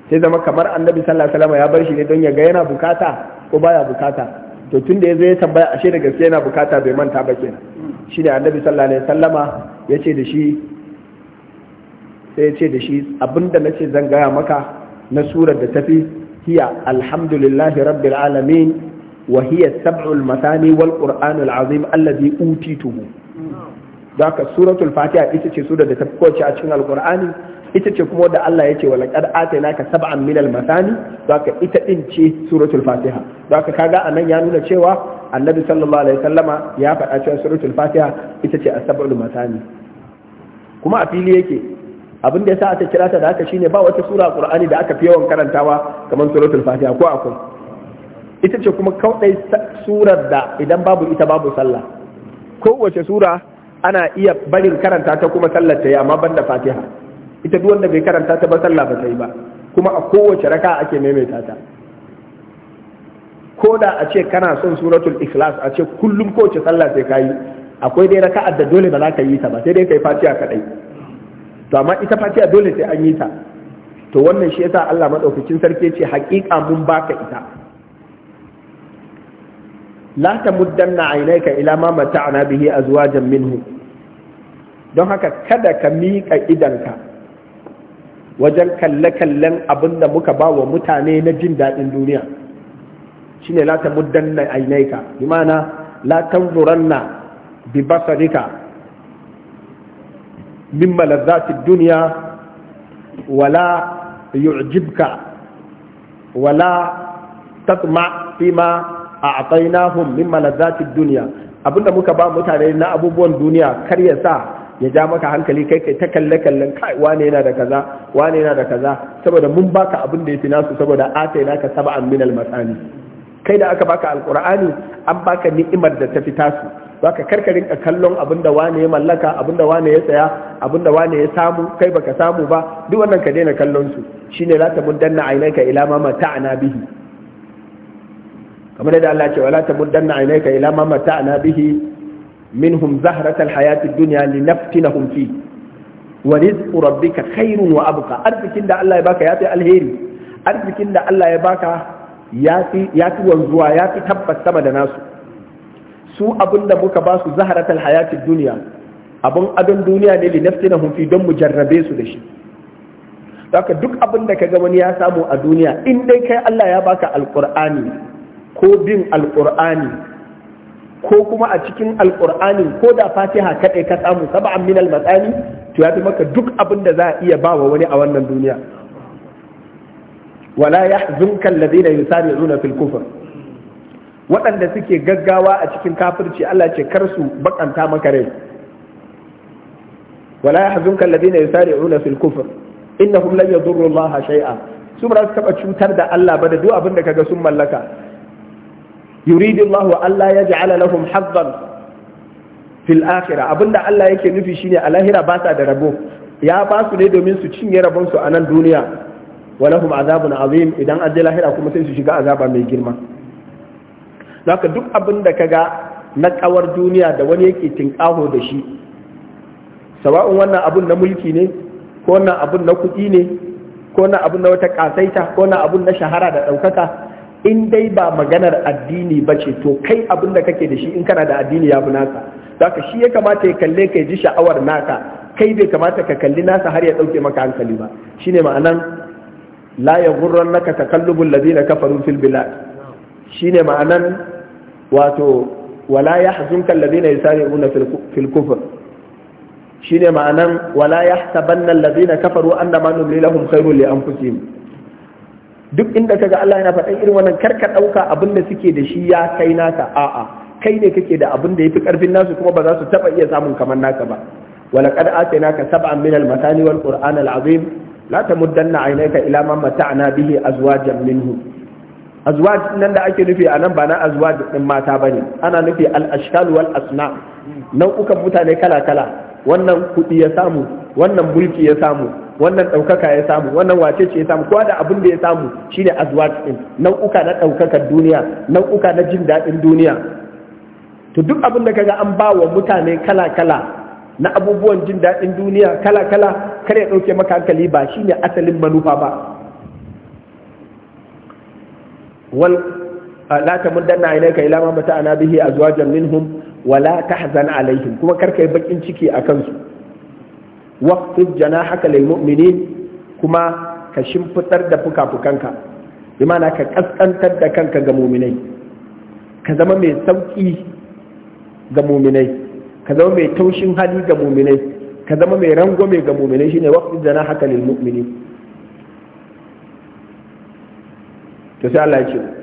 sai zama kamar annabi sallallahu alaihi wasallam ya bar shi ne don ya ga yana bukata ko baya bukata to tun da zo ya tambaya ashe da gaske yana bukata bai manta ba kenan shi ne annabi sallallahu alaihi wasallama ya ce da shi sai ya ce da shi abinda na ce zan gaya maka na surar da tafi hiya alhamdulillahi rabbil alamin وهي hiya sab'ul والقران العظيم الذي اوتيته ذاك سوره الفاتحه suratul fatiha ita ce sura da ta kowace a cikin alqur'ani ita ce kuma da Allah ya ce wa laqad atainaka sab'an minal matani zaka ita din ce suratul fatiha zaka kaga anan ya nuna cewa annabi sallallahu alaihi wasallama ya faɗa cewa suratul fatiha ita ce as-sab'ul kuma a fili yake abin da yasa aka kira ta da haka shine ba wata sura qur'ani da aka fi yawan karantawa kamar suratul fatiha ko akwai ita ce kuma kawai surar da idan babu ita babu sallah kowace sura ana iya barin karanta ta kuma sallar ta yi amma banda fatiha ita duk wanda bai karanta ta ba sallah ba sai yi ba kuma a kowace raka ake maimaita ta ko da a ce kana son suratul ikhlas a ce kullum kowace sallah sai ka yi akwai dai raka'ar da dole ba za ka yi ta ba sai dai kai fatiha kadai to amma ita fatiha dole sai an yi ta to wannan shi yasa Allah madaukakin sarki ce haƙiƙa mun baka ita la tamuddanna aynaka ila ma mata'na bihi azwajan minhu don haka kada ka miƙa idanka wajen kalle-kallen abin da muka ba wa mutane na jin daɗin duniya shine la tamuddanna aynaka bi ma'ana la tanzuranna bi basarika mimma ladzati dunya wala yu'jibka wala tatma fima a hun min malazzatid duniya abinda muka ba mutane na abubuwan duniya kar ya sa ya ja maka hankali kai kai ta kalle kallon kai wane yana da kaza wane yana da kaza saboda mun baka abin da yafi nasu saboda ataina ka saba min al kai da aka baka Alƙur'ani an baka ni'imar da fi tasu baka karkarin ka kallon abin da wane ya mallaka abin da wane ya saya abin da wane ya samu kai baka samu ba duk wannan ka daina kallon su shine la ta mun danna ainaka ila ma ta'ana bihi kamar da Allah ce wala tamuddanna aynaka ila ma mata'na bihi minhum zahratal hayatid dunya linaftinahum fi wa rizqu rabbika khairun wa abqa arzikin da Allah ya baka ya fi alheri arzikin da Allah ya baka ya fi ya fi wanzuwa ya fi tabbas sama da nasu su abinda muka ba su zahratal duniya, dunya abun adon duniya ne linaftinahum fi don mu jarrabe su da shi haka duk abin da kaga wani ya samu a duniya in dai kai Allah ya baka alqur'ani ko bin alƙur'ani ko kuma a cikin alƙur'anin ko da fatiha kaɗai ka samu saba'an min almatsani to ya fi maka duk abin da za a iya ba wa wani a wannan duniya wala yahzunka alladhina yusari'una fil kufr waɗanda suke gaggawa a cikin kafirci Allah ce kar su bakanta maka rai wala yahzunka alladhina yusari'una fil kufr innahum lan yadurru Allah shay'a su ba su taba cutar da Allah ba da duk abin da kaga sun mallaka yuridu maho Allah ya ja'ala lahum hazzan fil akhirah abinda Allah yake nufi shine a lahira ba da rabo ya basu ne domin su cinye rabon su a nan duniya wa azabun azim idan an je lahira kuma sai su shiga azaba mai girma zaka duk abin da kaga na kawar duniya da wani yake tinkaho da shi sawa'un wannan abun na mulki ne ko abun na kuɗi ne ko abun na wata kasaita ko abun na shahara da ɗaukaka in dai ba maganar addini ba ce to kai abin da kake da shi in kana da addini ya fi nasa ka shi ya kamata ya kalle ka ji sha'awar naka kai bai kamata ka kalli nasa har ya ɗauke maka hankali ba shine ma'anan la ya gurran naka takallubul ladina kafaru fil Shi ne ma'anan wato wala yahzunka alladhina yusari'una Filkufur. Shi ne ma'anan wala yahsabanna alladhina kafaru annama numli lahum khairul li anfusihim duk inda kaga Allah yana faɗan irin kar ka ɗauka abun da suke da shi ya kai naka a'a kai ne kake da abun da ya fi karfin nasu kuma ba za su taɓa iya samun kamar naka ba ولقد آتيناك سبعا من المثاني والقرآن العظيم لا تمدن عينيك إلى ما متعنا به أزواجا منهم azwaj nan da ake nufi a nan ba na azwaj din mata bane ana nufi al-ashkal wal asna nau'ukan mutane kala kala wannan kuɗi ya samu wannan mulki ya samu wannan ɗaukaka ya samu wannan wace ce ya samu kowa da abin da ya samu shine azwat din nau'uka na ɗaukakar duniya nau'uka na jin daɗin duniya to duk abin da kaga an ba wa mutane kala-kala na abubuwan jin daɗin duniya kala-kala kar ya ɗauke maka hankali ba shine asalin manufa ba wal la tamundanna ilayka ila ma mata'ana bihi azwajan minhum wala tahzan alaihim kuma kar yi bakin ciki a kansu waqfid janahaka lil mu'minin kuma ka shimfitar da fuka-fukanka bi ma'ana ka kaskantar da kanka ga mu'minai ka zama mai sauki ga mu'minai ka zama mai taushin hali ga mu'minai ka zama mai rangwame ga mu'minai shine waqfid janahaka lil mu'minin to sai Allah ya ce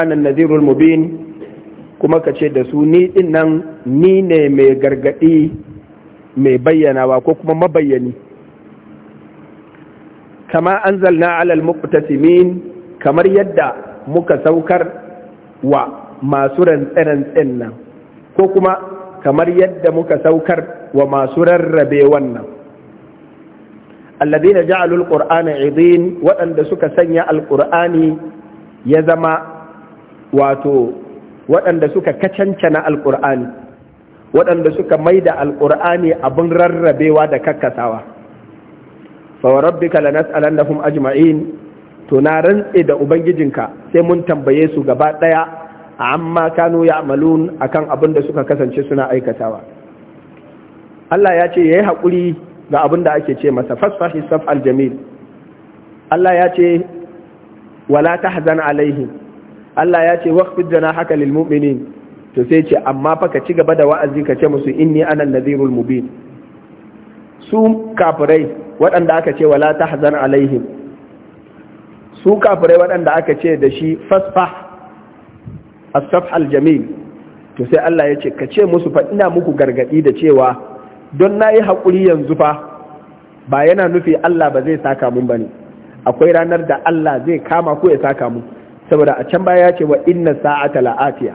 anan nazirul mubin kuma ka ce da su ni din nan ni ne mai gargadi mai bayyanawa ko kuma mabayyani kama anzalna alal muqtasimin kamar yadda muka saukar wa masu rantsen nan ko kuma kamar yadda muka saukar wa masu rarrabe wannan alladina ja'alul qur'ana idin waɗanda suka sanya alkur'ani ya zama wato waɗanda suka na alƙur'ani waɗanda suka mai da alƙur'ani abin rarrabewa da kakkasawa fawarabbika lanas'alannahum ajma'in to na rantse da ubangijinka sai mun tambaye su gaba ɗaya amma kanu ya'malun akan abin da suka kasance suna aikatawa Allah ya ce yayi haƙuri ga abin da ake ce masa fasfahi saf aljamil Allah ya ce wala tahzan alaihim Allah ya ce waqfid jana haka lil mu'minin to sai ce amma fa ka ci gaba da wa'azi ka ce musu inni ana nadhirul mubin su kafirai waɗanda aka ce wala tahzan alaihim su kafirai waɗanda aka ce da shi fasfah as-safh al-jamil to sai Allah ya ce ka ce musu fa ina muku gargadi da cewa don nayi hakuri yanzu fa ba yana nufi Allah ba zai saka mun bane akwai ranar da Allah zai kama ku ya saka mu saboda a can baya ya ce wa inna sa'ata la'atiya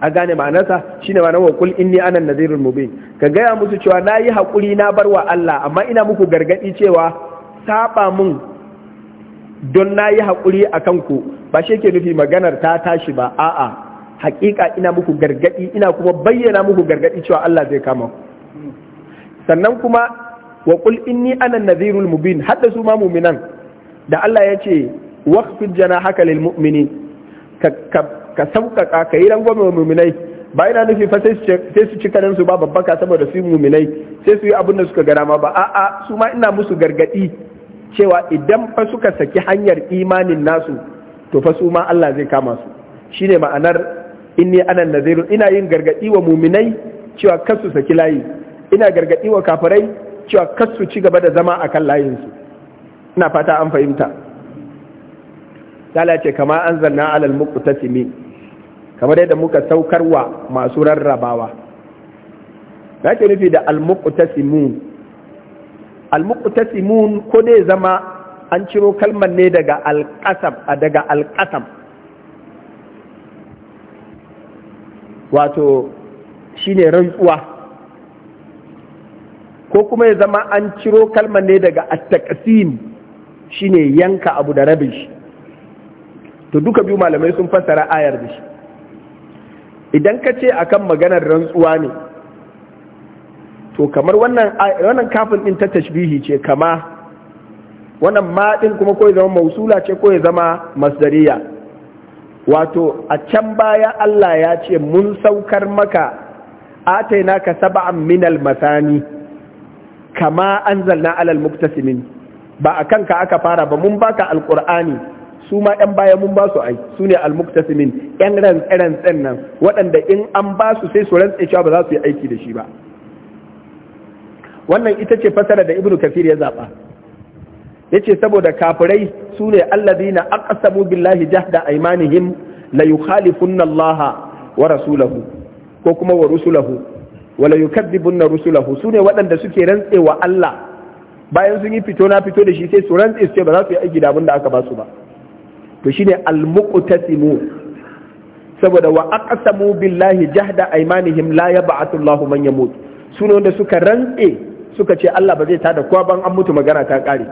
a gane ma'anarsa shine ma'anar wa kul inni ana nazirul mubin ka gaya musu cewa na yi haƙuri na bar wa Allah amma ina muku gargaɗi cewa saba mun don na yi haƙuri a kanku ba shi ke nufi maganar ta tashi ba a'a haƙiƙa ina muku gargaɗi ina kuma bayyana muku gargadi cewa Allah zai kama ku sannan kuma wa kul inni ana nazirul mubin hadda su ma mu'minan da Allah ya ce waqfid janahaka lil mu'minin ka ka sauƙaƙa ka yi rangwame wa mu'minai ba ina nufi fa sai su ci nan su ba babbaka saboda su mu'minai sai su yi abin da suka gara ma ba a'a su ma ina musu gargadi cewa idan fa suka saki hanyar imanin nasu to fa su ma Allah zai kama su shine ma'anar inni ana nazirun ina yin gargadi wa mu'minai cewa kar su saki layi ina gargadi wa kafirai cewa kar su ci gaba da zama akan layin su ina fata an fahimta tala ce kama an zanna alal simi kamar yadda muka saukarwa masu rarrabawa na ke nufi da ta al almuku ta simun ko dai zama an ciro kalmar ne daga alƙasam a daga alƙasam wato wato shine rantsuwa ko kuma ya zama an ciro kalmar ne daga at shi shine yanka abu da rabin shi to duka biyu malamai sun fassara ayar da shi idan ka ce akan maganar rantsuwa ne to kamar wannan kafin ɗin ta tashbihi ce kama wannan ma kuma ko ya zama mausula ce ko ya zama masdariya wato a can baya Allah ya ce mun saukar maka ataina ka saba'an minal masani kama anzalna alal muktasimin ba a kanka aka fara ba mun baka alƙur'ani su ma yan baya mun ba su ai su ne almuktasimin yan rantsen nan waɗanda in an ba su sai su rantse cewa ba za su yi aiki da shi ba wannan ita ce fasara da ibnu kafir ya zaɓa ce saboda kafirai su ne alladina aqsamu billahi jahda aymanihim la yukhalifunna allaha wa rasulahu ko kuma wa rusulahu wa la yukadzibunna rusulahu su ne waɗanda suke rantsewa Allah bayan sun yi fito na fito da shi sai su rantse su ce ba za su yi aiki da abin da aka ba su ba to shine almuqtasimu saboda wa aqsamu billahi jahda aymanihim la yab'athu Allahu man yamut suno da suka rantse suka ce Allah ba zai tada kowa ban an mutu magana ta kare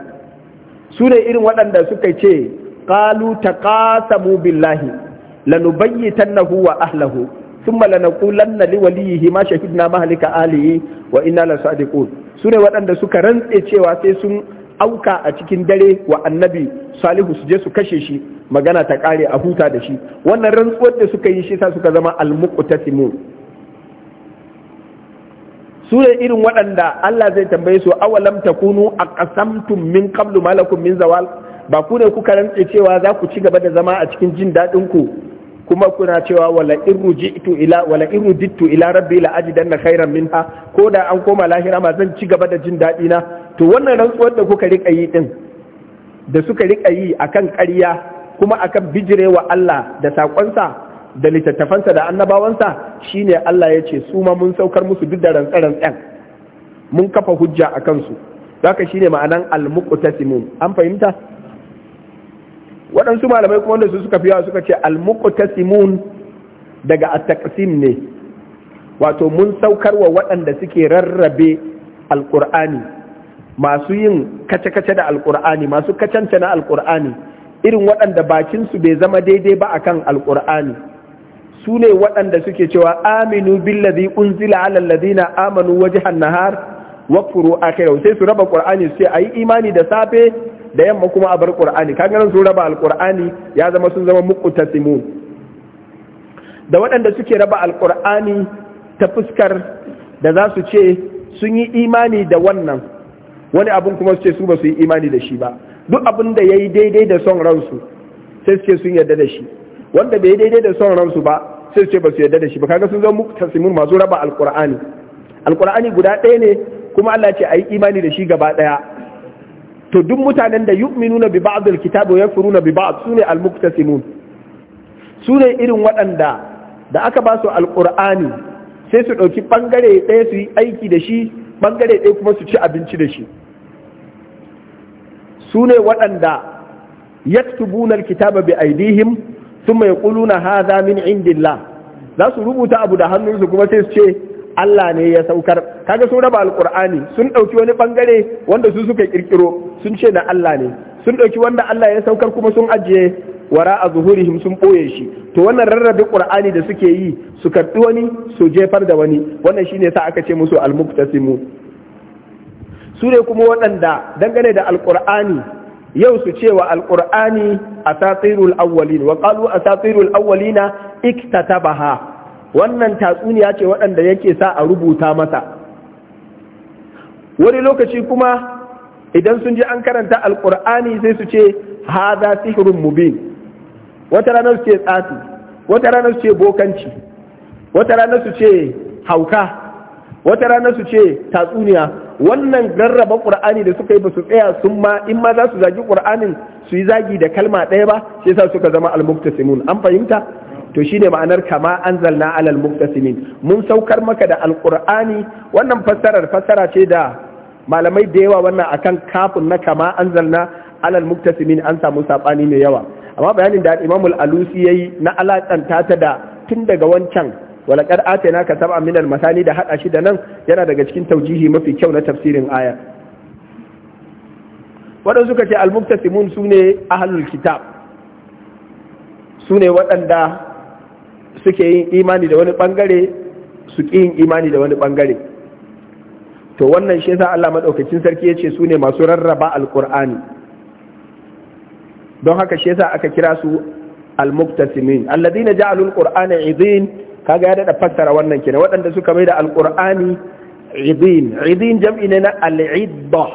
ne irin waɗanda suka ce qalu taqasamu billahi lanubayyitannahu wa ahlihi thumma lanaqulanna liwaliyihi ma shahidna mahlika alihi wa inna lasadiqun sune waɗanda suka rantse cewa sai sun auka a cikin dare wa annabi salihu su je su kashe shi magana ta kare a huta da shi wannan rantsuwar da suka yi shi sa suka zama almuqtasimun su ne irin waɗanda Allah zai tambaye su awalam takunu aqsamtum min qablu malakum min zawal ba ku ne kuka rantse cewa za ku ci gaba da zama a cikin jin daɗin ku kuma kuna cewa wala irru ji'tu ila wala irru dittu ila rabbi la ajidanna khairan minha ko da an koma lahira ma zan ci gaba da jin daɗi na to wannan rantsuwar da kuka rika yi ɗin da suka rika yi akan ƙarya kuma akan bijirewa Allah da sakonsa da littattafansa da annabawansa shine Allah ya ce su ma mun saukar musu duk da rantsa mun kafa hujja a kansu haka shine ma'anan al-muqtasimun an fahimta waɗansu malamai kuma wanda su suka fiya yawa suka ce al-muqtasimun daga at-taqsim ne wato mun saukar wa waɗanda suke rarrabe al alkur'ani masu yin kace-kace da alkur'ani masu kacanta na alkur'ani irin waɗanda bakinsu bai zama daidai ba akan alkur'ani su ne waɗanda suke cewa aminu billazi unzila ala alladhina amanu wajhan nahar wakfuru akhirahu sai su raba qur'ani su ce yi imani da safe da yamma kuma a bar qur'ani kaga su raba alkur'ani ya zama sun zama simu, da waɗanda suke raba alkur'ani ta fuskar da za su ce sun yi imani da wannan wani abin kuma su ce su ba su yi imani da shi ba duk abin da ya yi daidai da son ransu sai su ce sun yarda da shi wanda bai yi daidai da son ransu ba sai su ce ba su yarda da shi ba kaga sun zama muktasimun masu raba alkur'ani alkur'ani guda ɗaya ne kuma Allah ce ayi imani da shi gaba ɗaya to duk mutanen da yu'minuna bi ba'd alkitabi wa yakfuruna bi ba'd sune almuktasimun sune irin waɗanda da aka ba su alqur'ani sai su ɗauki ɓangare ɗaya su yi aiki da shi bangare ɗaya kuma su ci abinci da shi su ne waɗanda yaktubuna kitaba bi aidihim mai yaquluna haza min indillah za su rubuta abu da hannunsu kuma sai su ce Allah ne ya saukar kaga sun raba alqur'ani sun ɗauki wani bangare wanda su suka ƙirƙiro, sun ce na Allah ne sun ɗauki wanda Allah ya saukar kuma sun ajiye wara a zuhurihim sun ɓoye shi to wannan rarrabe qur'ani da suke yi su karɓi wani su jefar da wani wannan shine sa aka ce musu almuktasimu su ne kuma waɗanda dangane da alqur'ani yau su ce wa alqur'ani asatirul awwalin wa qalu asatirul awwalina iktatabaha wannan tatsuniya ce waɗanda yake sa a rubuta masa wani lokaci kuma idan sun ji an karanta alkur'ani sai su ce hada sihirun mubin wata ranar su ce tsafi wata ranar su ce bokanci wata ranar su ce hauka wata ranar su ce tatsuniya wannan rarraba qur'ani da suka yi ba su tsaya sun ma in ma za su zagi qur'anin su yi zagi da kalma ɗaya ba sai sa suka zama al-muktasimun an fahimta to shine ma'anar kama anzalna alal muktasimin mun saukar maka da alqur'ani wannan fassarar fassara ce da malamai da yawa wannan akan kafin na kama anzalna alal muktasimin an samu sabani mai yawa amma bayanin da Imam Al-Alusi yi na alaƙanta ta da tun daga wancan walaqad atayna ka sab'an minal masani da haɗa shi da nan yana daga cikin taujihi mafi kyau na tafsirin aya waɗansu suka ce al-muktasimun sune ahlul kitab sune waɗanda suke yin imani da wani bangare su ƙi yin imani da wani bangare to wannan shi yasa Allah maɗaukacin sarki yace sune masu rarraba alqur'ani don haka shi yasa aka kira su al muktasimin alladheena ja'alu al-qur'ana 'idhin kaga ya dada fassara wannan kenan waɗanda suka mai da al-qur'ani 'idhin 'idhin jam'i ne na al-idda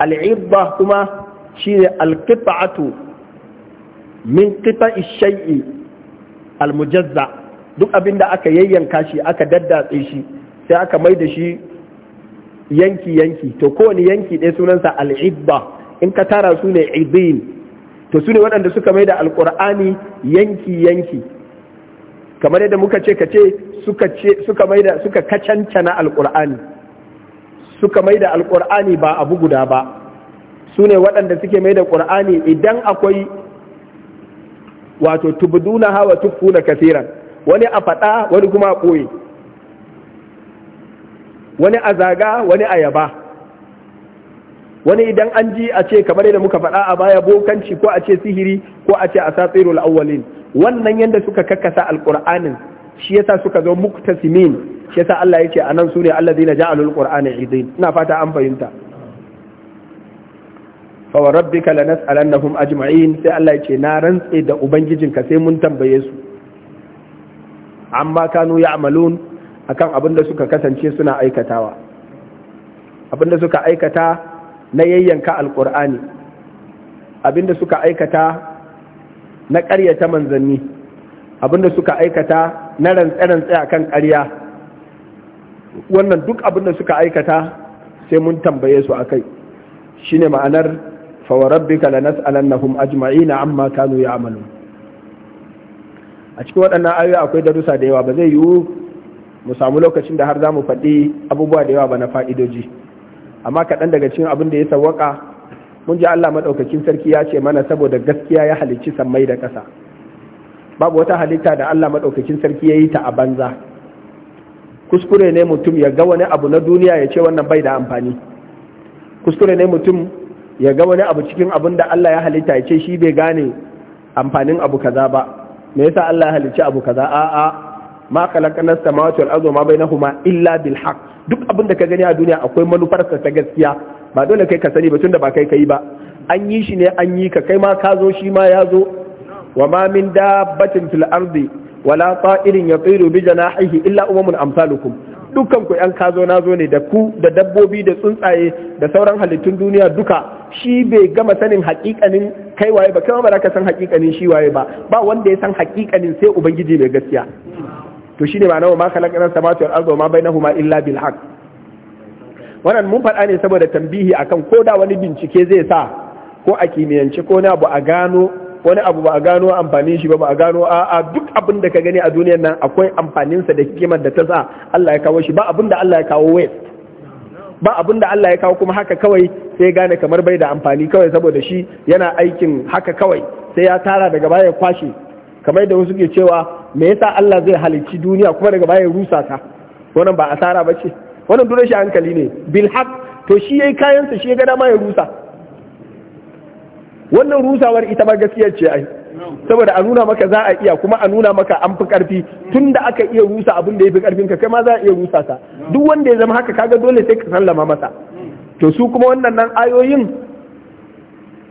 al-idda kuma shine al qitatu min qita'i shay'i al-mujazza duk abinda aka yayyanka shi aka daddatse shi sai aka mai da shi yanki yanki to kowane yanki ɗaya sunansa al-idda in ka tara su ne 'idhin to su ne waɗanda suka mai da alƙur'ani yanki-yanki kamar yadda muka ce kace suka ce suka mai da suka kacancana alƙur'ani suka mai da alƙur'ani ba abu guda ba su ne waɗanda suke mai da ƙur'ani idan akwai wato na hawa na kasiran wani a faɗa wani kuma a ɓoye wani a zaga wani a yaba wani idan an ji a ce kamar yadda muka faɗa a baya bokanci ko a ce sihiri ko a ce a sa asatirul awwalin wannan yadda suka kakkasa alqur'anin shi yasa suka zo muktasimin shi yasa Allah yake anan sune allazina ja'alul qur'ana idin ina fata an fahimta fa wa rabbika lanas'alannahum ajma'in sai Allah yake na rantse da ubangijin ka sai mun tambaye su amma kanu ya'malun akan abinda suka kasance suna aikatawa abinda suka aikata na yayyanka Alƙur'ani, abinda suka aikata na ƙaryata manzanni abinda suka aikata na rantsa-rantsa a kan ƙarya wannan duk abinda suka aikata sai mun tambaye su a kai shi ne ma'anar fawarabbika la nas'alannahum ajma'ina amma kanu ya'malun a cikin waɗannan ayoyi akwai darussa da yawa ba zai yiwu mu samu lokacin da har za mu faɗi abubuwa da yawa ba na fa'idoji amma kaɗan daga cikin abin da ya sawaka mun ji Allah maɗaukakin sarki ya ce mana saboda gaskiya ya halicci sammai da ƙasa babu wata halitta da Allah maɗaukakin sarki ya yi ta a banza kuskure ne mutum ya ga wani abu na duniya ya ce wannan bai da amfani kuskure ne mutum ya ga wani abu cikin abin da Allah ya halitta ya ce shi bai gane amfanin abu kaza ba me yasa Allah ya halicci abu kaza a'a ma khalaqna as-samawati wal arda ma bainahuma illa bil haqq duk abin da ka gani a duniya akwai manufarsa ta gaskiya ba dole kai ka sani ba da ba kai kai ba an yi shi ne an yi ka kai ma ka zo shi ma ya zo wa ma min dabbatin fil ardi wala ta'irin yatiru bi janahihi illa umamun amsalukum dukkan ku yan kazo nazo ne da ku da dabbobi da tsuntsaye da sauran halittun duniya duka shi bai gama sanin hakikanin kai waye ba kai ba ka san hakikanin shi waye ba ba wanda ya san hakikanin sai ubangiji mai gaskiya to shine nawa ma khalaqna samawati wal arda ma bainahuma illa bil haqq wannan mun faɗa ne saboda tambihi akan ko da wani bincike zai sa ko a kimiyyance ko na abu a gano wani abu ba a gano amfanin shi ba ba a gano a duk abin da ka gani a duniyar nan akwai amfanin sa da kimar da ta sa Allah ya kawo shi ba abin da Allah ya kawo waste ba abin da Allah ya kawo kuma haka kawai sai gane kamar bai da amfani kawai saboda shi yana aikin haka kawai sai ya tara daga baya kwashe kamar da wasu ke cewa me yasa Allah zai halicci duniya kuma daga baya rusa ta wannan ba asara ba ce wannan dole shi hankali ne bil haq to shi yayi kayansa shi ya ga dama ya rusa wannan rusawar ita ma gaskiyar ce ai saboda a nuna maka za a iya kuma a nuna maka an fi karfi tunda aka iya rusa abin da ya fi karfin ka kai ma za a iya rusa ta duk wanda ya zama haka kaga dole sai ka sallama masa to su kuma wannan nan ayoyin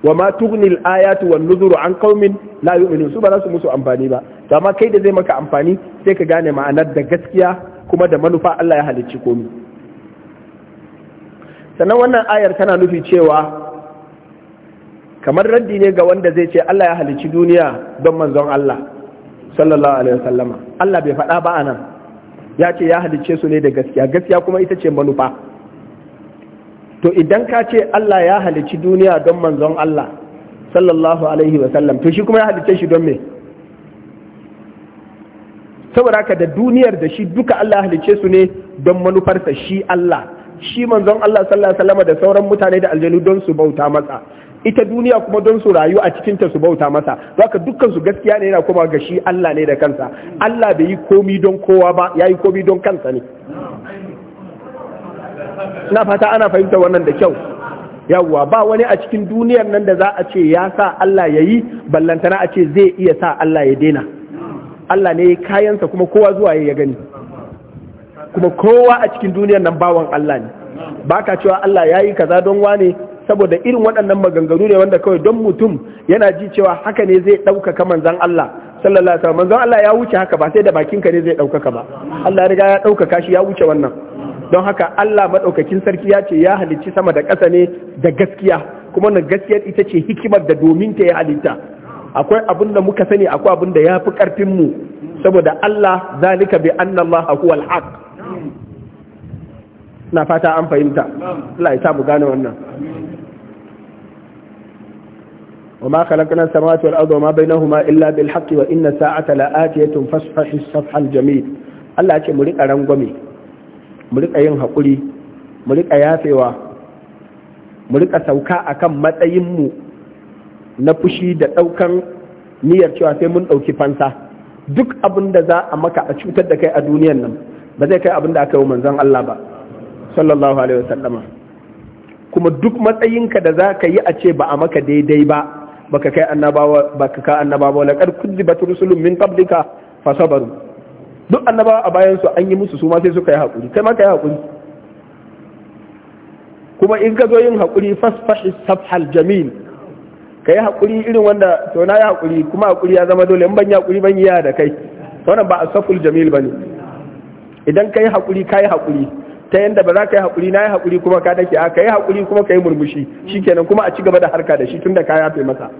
wa ma tughnil ayatu wan nuzuru an qaumin la yu'minun su ba za su musu amfani ba to amma kai da zai maka amfani sai ka gane ma'anar da gaskiya kuma da manufa Allah ya halicci komi Sanan wannan ayar tana nufi cewa kamar raddi ne ga wanda zai ce Allah ya halicci duniya don manzon Allah sallallahu alaihi wasallama Allah bai faɗa ba anan ya ce ya halicce su ne da gaskiya gaskiya kuma ita ce manufa to idan ka ce Allah ya halicci duniya don manzon Allah sallallahu alaihi wasallam to shi kuma ya halicce shi don me saboda haka da duniyar da shi duka Allah halicce su ne don manufarsa shi Allah shi manzon Allah sallallahu alaihi wasallam da sauran mutane da aljanu don su bauta masa ita duniya kuma don su rayu a cikinta su bauta masa haka dukkan su gaskiya ne yana kuma ga shi Allah ne da kansa Allah bai yi komi don kowa ba yayi komi don kansa ne ina fata ana fahimta wannan da kyau yawwa ba wani a cikin duniyar nan da za a ce ya sa Allah ya yi ballantana a ce zai iya sa Allah ya daina Allah ne kayansa kuma kowa zuwa ya gani kuma kowa a cikin duniyar nan bawan Allah ne ba ka cewa Allah ya yi kaza don wane saboda irin waɗannan maganganu ne wanda kawai don mutum yana ji cewa haka ne zai ɗaukaka manzan Allah sallallahu alaihi wasallam manzan Allah ya wuce haka ba sai da bakinka ne zai ɗaukaka ba Allah ya riga ya ɗaukaka shi ya wuce wannan don haka Allah maɗaukakin sarki ya ce ya halicci sama da ƙasa ne da gaskiya kuma na gaskiyar ita ce hikimar da domin ta ya halitta akwai abin da muka sani akwai abin da ya fi ƙarfin mu saboda Allah zalika bi anna Allah huwal haq na fata an fahimta Allah ya mu gane wannan وما خلقنا السماوات والأرض وما بينهما إلا بالحق وإن الساعة لآتية فاصفح الصفح الجميل الله يقول لك أرنقمي mu rika yin haƙuri mu riƙa yafewa mu rika sauka akan matsayinmu na fushi da ɗaukan niyyar cewa sai mun ɗauki fansa duk abin da za a maka a cutar da kai a duniyan nan ba zai kai abin da aka yi manzon Allah ba sallallahu alaihi wasallam kuma duk matsayinka da za ka yi a ce ba a maka daidai ba baka kai annabawa baka ka annabawa laqad kuzibat rusulun min qablika fasabaru duk annabawa a bayan su an yi musu su ma sai suka yi hakuri kai ma ka yi hakuri kuma in ka zo yin hakuri fasfahi safhal jamil ka yi hakuri irin wanda to na yi hakuri kuma hakuri ya zama dole in ban yi hakuri ban yi ya da kai wannan ba a safhal jamil bane idan ka yi hakuri ka yi hakuri ta yadda ba za ka yi haƙuri na yi haƙuri kuma ka dake ka yi haƙuri kuma ka yi murmushi shikenan kuma a ci gaba da harka da shi tunda ka yafe masa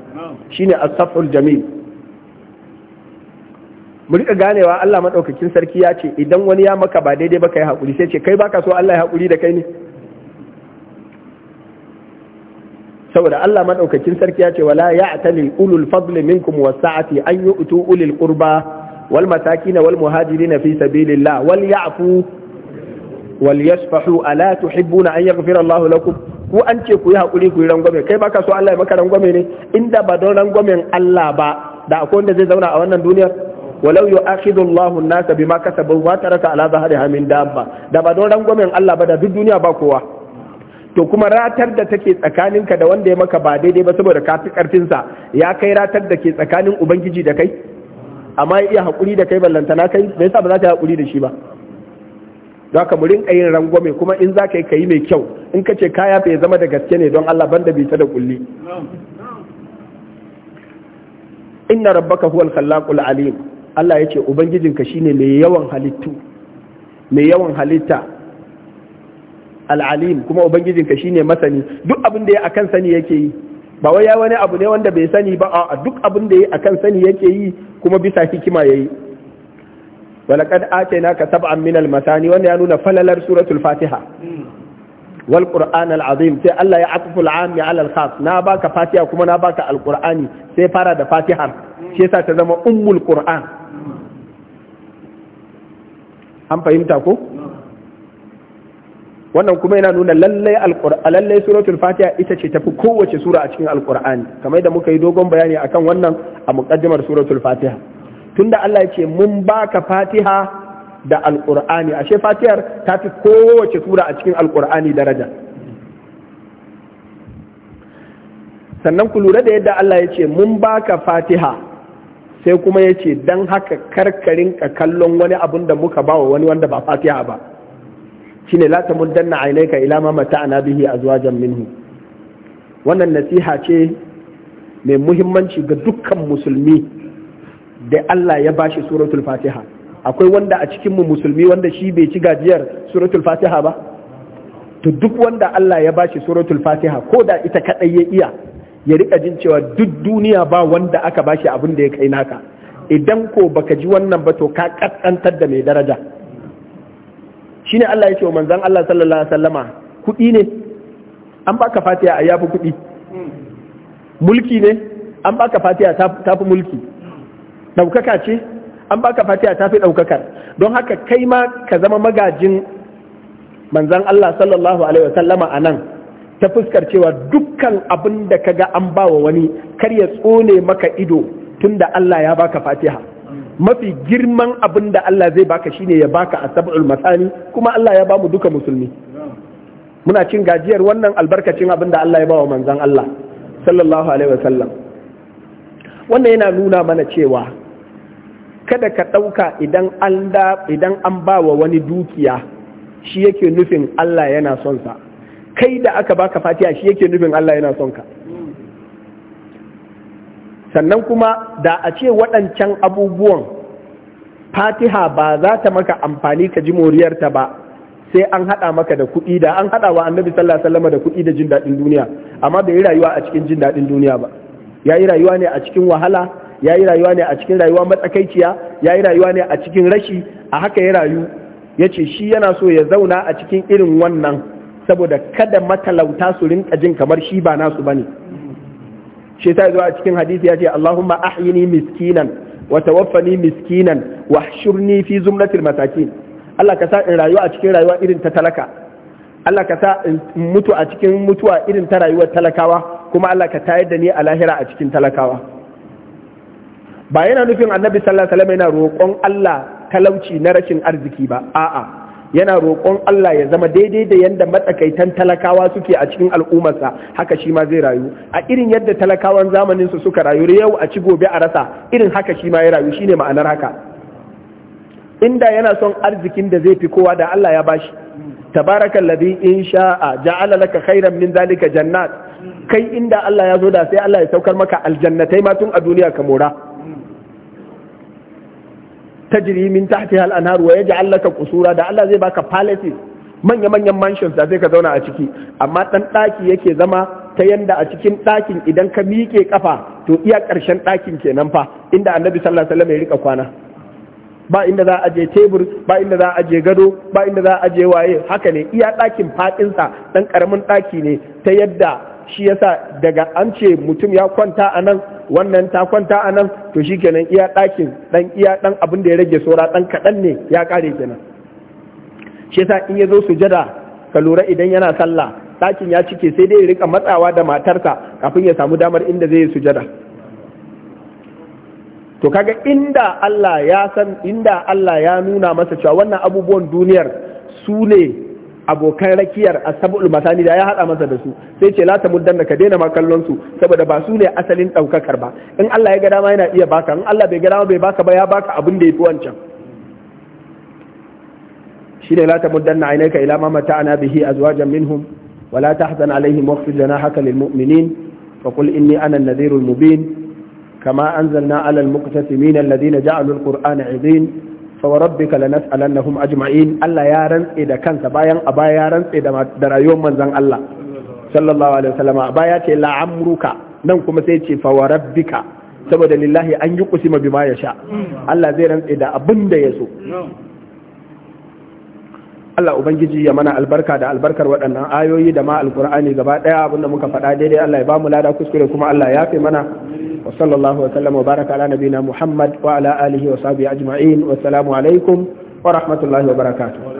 shine as-safhul jamil mu rika ganewa Allah madaukakin sarki ya ce idan wani ya maka ba daidai ba kai hakuri sai ce kai baka so Allah ya hakuri da kai ne saboda Allah madaukakin sarki ya ce wala ya'tali ulul fadli minkum wasa'ati an yu'tu ulil qurba wal masakin wal muhajirin fi sabilillah wal ya'fu wal yashfahu ala tuhibbuna an yaghfira Allah lakum ku an ce ku yi hakuri ku yi rangwame kai baka so Allah ya maka rangwame ne inda ba don rangwamen Allah ba da akwai wanda zai zauna a wannan duniyar walau yu'akhidu Allahu an-nasa bima kasabu wa taraka ala dhahriha min dabba da ba don rangwamen Allah ba da duk duniya ba kowa to kuma ratar da take ka da wanda ya maka ba daidai ba saboda ka fi karfin sa ya kai ratar da ke tsakanin ubangiji da kai amma ya iya hakuri da kai ballantana kai me yasa ba za ta hakuri da shi ba don ka mu rinka yin rangwame kuma in za ka yi kayi mai kyau in ka ce kaya bai zama da gaske ne don Allah banda bai ta da kulli inna rabbaka huwal khallaqul alim Allah ya ce ubangijinka shine mai yawan halittu mai yawan halitta al'alim kuma ubangijinka shine masani duk abin da ya akan sani yake yi ba ya wani abu ne wanda bai sani ba a duk abin da ya akan sani yake yi kuma bisa hikima yayi walaqad atainaka sab'an min al-masani wanda ya nuna falalar suratul fatiha wal qur'an azim sai Allah ya atfu al-ami ala al na baka fatiha kuma na baka al-qur'ani sai fara da fatihar shi yasa ta zama ummul qur'an an fahimta ko wannan kuma yana nuna lallai alqur'an lallai suratul fatiha ita ce tafi kowace sura a cikin alqur'ani kamar da muka yi dogon bayani akan wannan a muqaddimar suratul fatiha tunda Allah ya ce mun baka fatiha da alqur'ani ashe fatihar ta fi kowace sura a cikin alqur'ani daraja sannan ku lura da yadda Allah ya ce mun baka fatiha sai kuma ya ce don haka karkarin ka kallon wani abun da muka bawa wani wanda ba fatiha ba shine la ka ka ila ma ana bihi a zuwa minhu wannan nasiha ce mai muhimmanci ga dukkan musulmi da Allah ya bashi suratul fatiha akwai wanda a cikinmu musulmi wanda shi bai ci gajiyar suratul fatiha ba to duk wanda Allah ya bashi suratul fatiha ko da ita kadai ya iya ya rika jin cewa duk duniya ba wanda aka bashi abin da ya kai naka idan ko baka ji wannan ba to ka kaskantar da mai daraja shine Allah ya ce wa manzon Allah sallallahu alaihi wasallama kuɗi ne an baka fatiha a yafi kuɗi mulki ne an baka fatiha tafi mulki ɗaukaka ce an baka fatiha tafi ɗaukakar don haka kai ma ka zama magajin manzon Allah sallallahu alaihi wasallama a nan ta fuskar cewa dukkan abin da kaga an bawa wani kar ya tsone maka ido tunda Allah ya baka Fatiha mafi girman abin da Allah zai baka shine ya baka asabul masani kuma Allah ya bamu duka musulmi muna cin gajiyar wannan albarkacin abin da Allah ya bawa manzon Allah sallallahu alaihi wasallam wannan yana nuna mana cewa kada ka ɗauka idan an ba wa wani dukiya shi yake nufin Allah yana son sa kai da aka baka fatiha shi yake nufin Allah yana son ka sannan kuma da a ce waɗancan abubuwan fatiha ba za ta maka amfani ka ji moriyarta ba sai an haɗa maka da kuɗi da an haɗa wa annabi sallallahu alaihi wasallam da kuɗi da jin daɗin duniya amma bai yi rayuwa a cikin jin daɗin duniya ba ya yi rayuwa ne a cikin wahala ya yi rayuwa ne a cikin rayuwa matsakaiciya ya yi rayuwa ne a cikin rashi a haka ya rayu ya ce shi yana so ya zauna a cikin irin wannan saboda kada matalauta su rinka jin kamar shi ba nasu bane shi ta zuwa cikin hadisi ya ce Allahumma ahyini miskinan wa tawaffani miskinan wa hshurni fi zumratil masakin Allah ka sa in rayuwa a cikin rayuwa irin ta talaka Allah ka sa in mutu a cikin mutuwa irin ta rayuwar talakawa kuma Allah ka tayar da ni a lahira a cikin talakawa ba yana nufin annabi sallallahu alaihi wasallam yana roƙon Allah talauci na rashin arziki ba a'a yana roƙon Allah ya zama daidai da yadda matsakaitan talakawa suke a cikin al'ummarsa haka shi ma zai rayu a irin yadda talakawan zamanin su suka rayu yau a ci gobe a rasa irin haka shi ma ya rayu shine ma'anar haka inda yana son arzikin da zai fi kowa da Allah ya bashi tabarakal ladhi in sha'a ja'ala laka khairan min zalika jannat kai inda Allah ya zo da sai Allah ya saukar maka aljannatai ma tun a duniya ka mora tajiri min tahtiha al-anhar wa yaj'al laka kusura? da Allah zai baka palaces manya manyan mansions da zai ka zauna a ciki amma ɗan ɗaki yake zama ta yanda a cikin ɗakin, idan ka miƙe kafa to iya ƙarshen dakin kenan fa inda Annabi sallallahu alaihi wasallam ya rika kwana ba inda za a je tebur ba inda za a je gado ba inda za a je waye haka ne iya ɗakin faɗinsa ɗan ƙaramin ɗaki ne ta yadda shi yasa daga an ce mutum ya kwanta a nan wannan ta kwanta a nan to shi kenan iya ɗakin ɗan iya ɗan abin da ya rage saura ɗan kaɗan ne ya ƙare kenan shi yasa in ya zo sujada ka lura idan yana sallah ɗakin ya cike sai dai ya rika matsawa da matarsa kafin ya samu damar inda zai yi sujada to kaga inda Allah ya san inda Allah ya nuna masa cewa wannan abubuwan duniyar su ne abokan rakiyar asabul masani da ya hada masa da su sai ce la ta muddanna ka daina ma kallon su saboda ba su ne asalin daukakar ba in Allah ya ga dama yana iya baka in Allah bai ga dama bai baka ba ya baka abin da yafi wancan shine la ta muddanna aynaka ila ma mata'ana bihi azwajan minhum ولا تحزن عليهم واخفض جناحك للمؤمنين وقل إني anan النذير المبين كما أنزلنا على المقتسمين الذين جعلوا القرآن عظيم فوربك لنسألنهم أجمعين الله يا رنسي دا كان سبايا أبا يا رنسي دا رايوم من زن الله صلى الله عليه وسلم أبا ياتي لا عمرك ننكم سيتي فوربك saboda lillahi an yi kusima bima ya sha Allah zai rantse da abin da ya so Allah ubangiji ya mana albarka da albarkar waɗannan ayoyi da ma alkur'ani gaba ɗaya abinda muka faɗa daidai Allah ya ba mu lada kuskure kuma Allah ya fi mana wa sallallahu wa sallama wa baraka ala nabina Muhammad wa ala alihi wa sahbihi ajma'in wa assalamu alaikum wa rahmatullahi wa barakatuh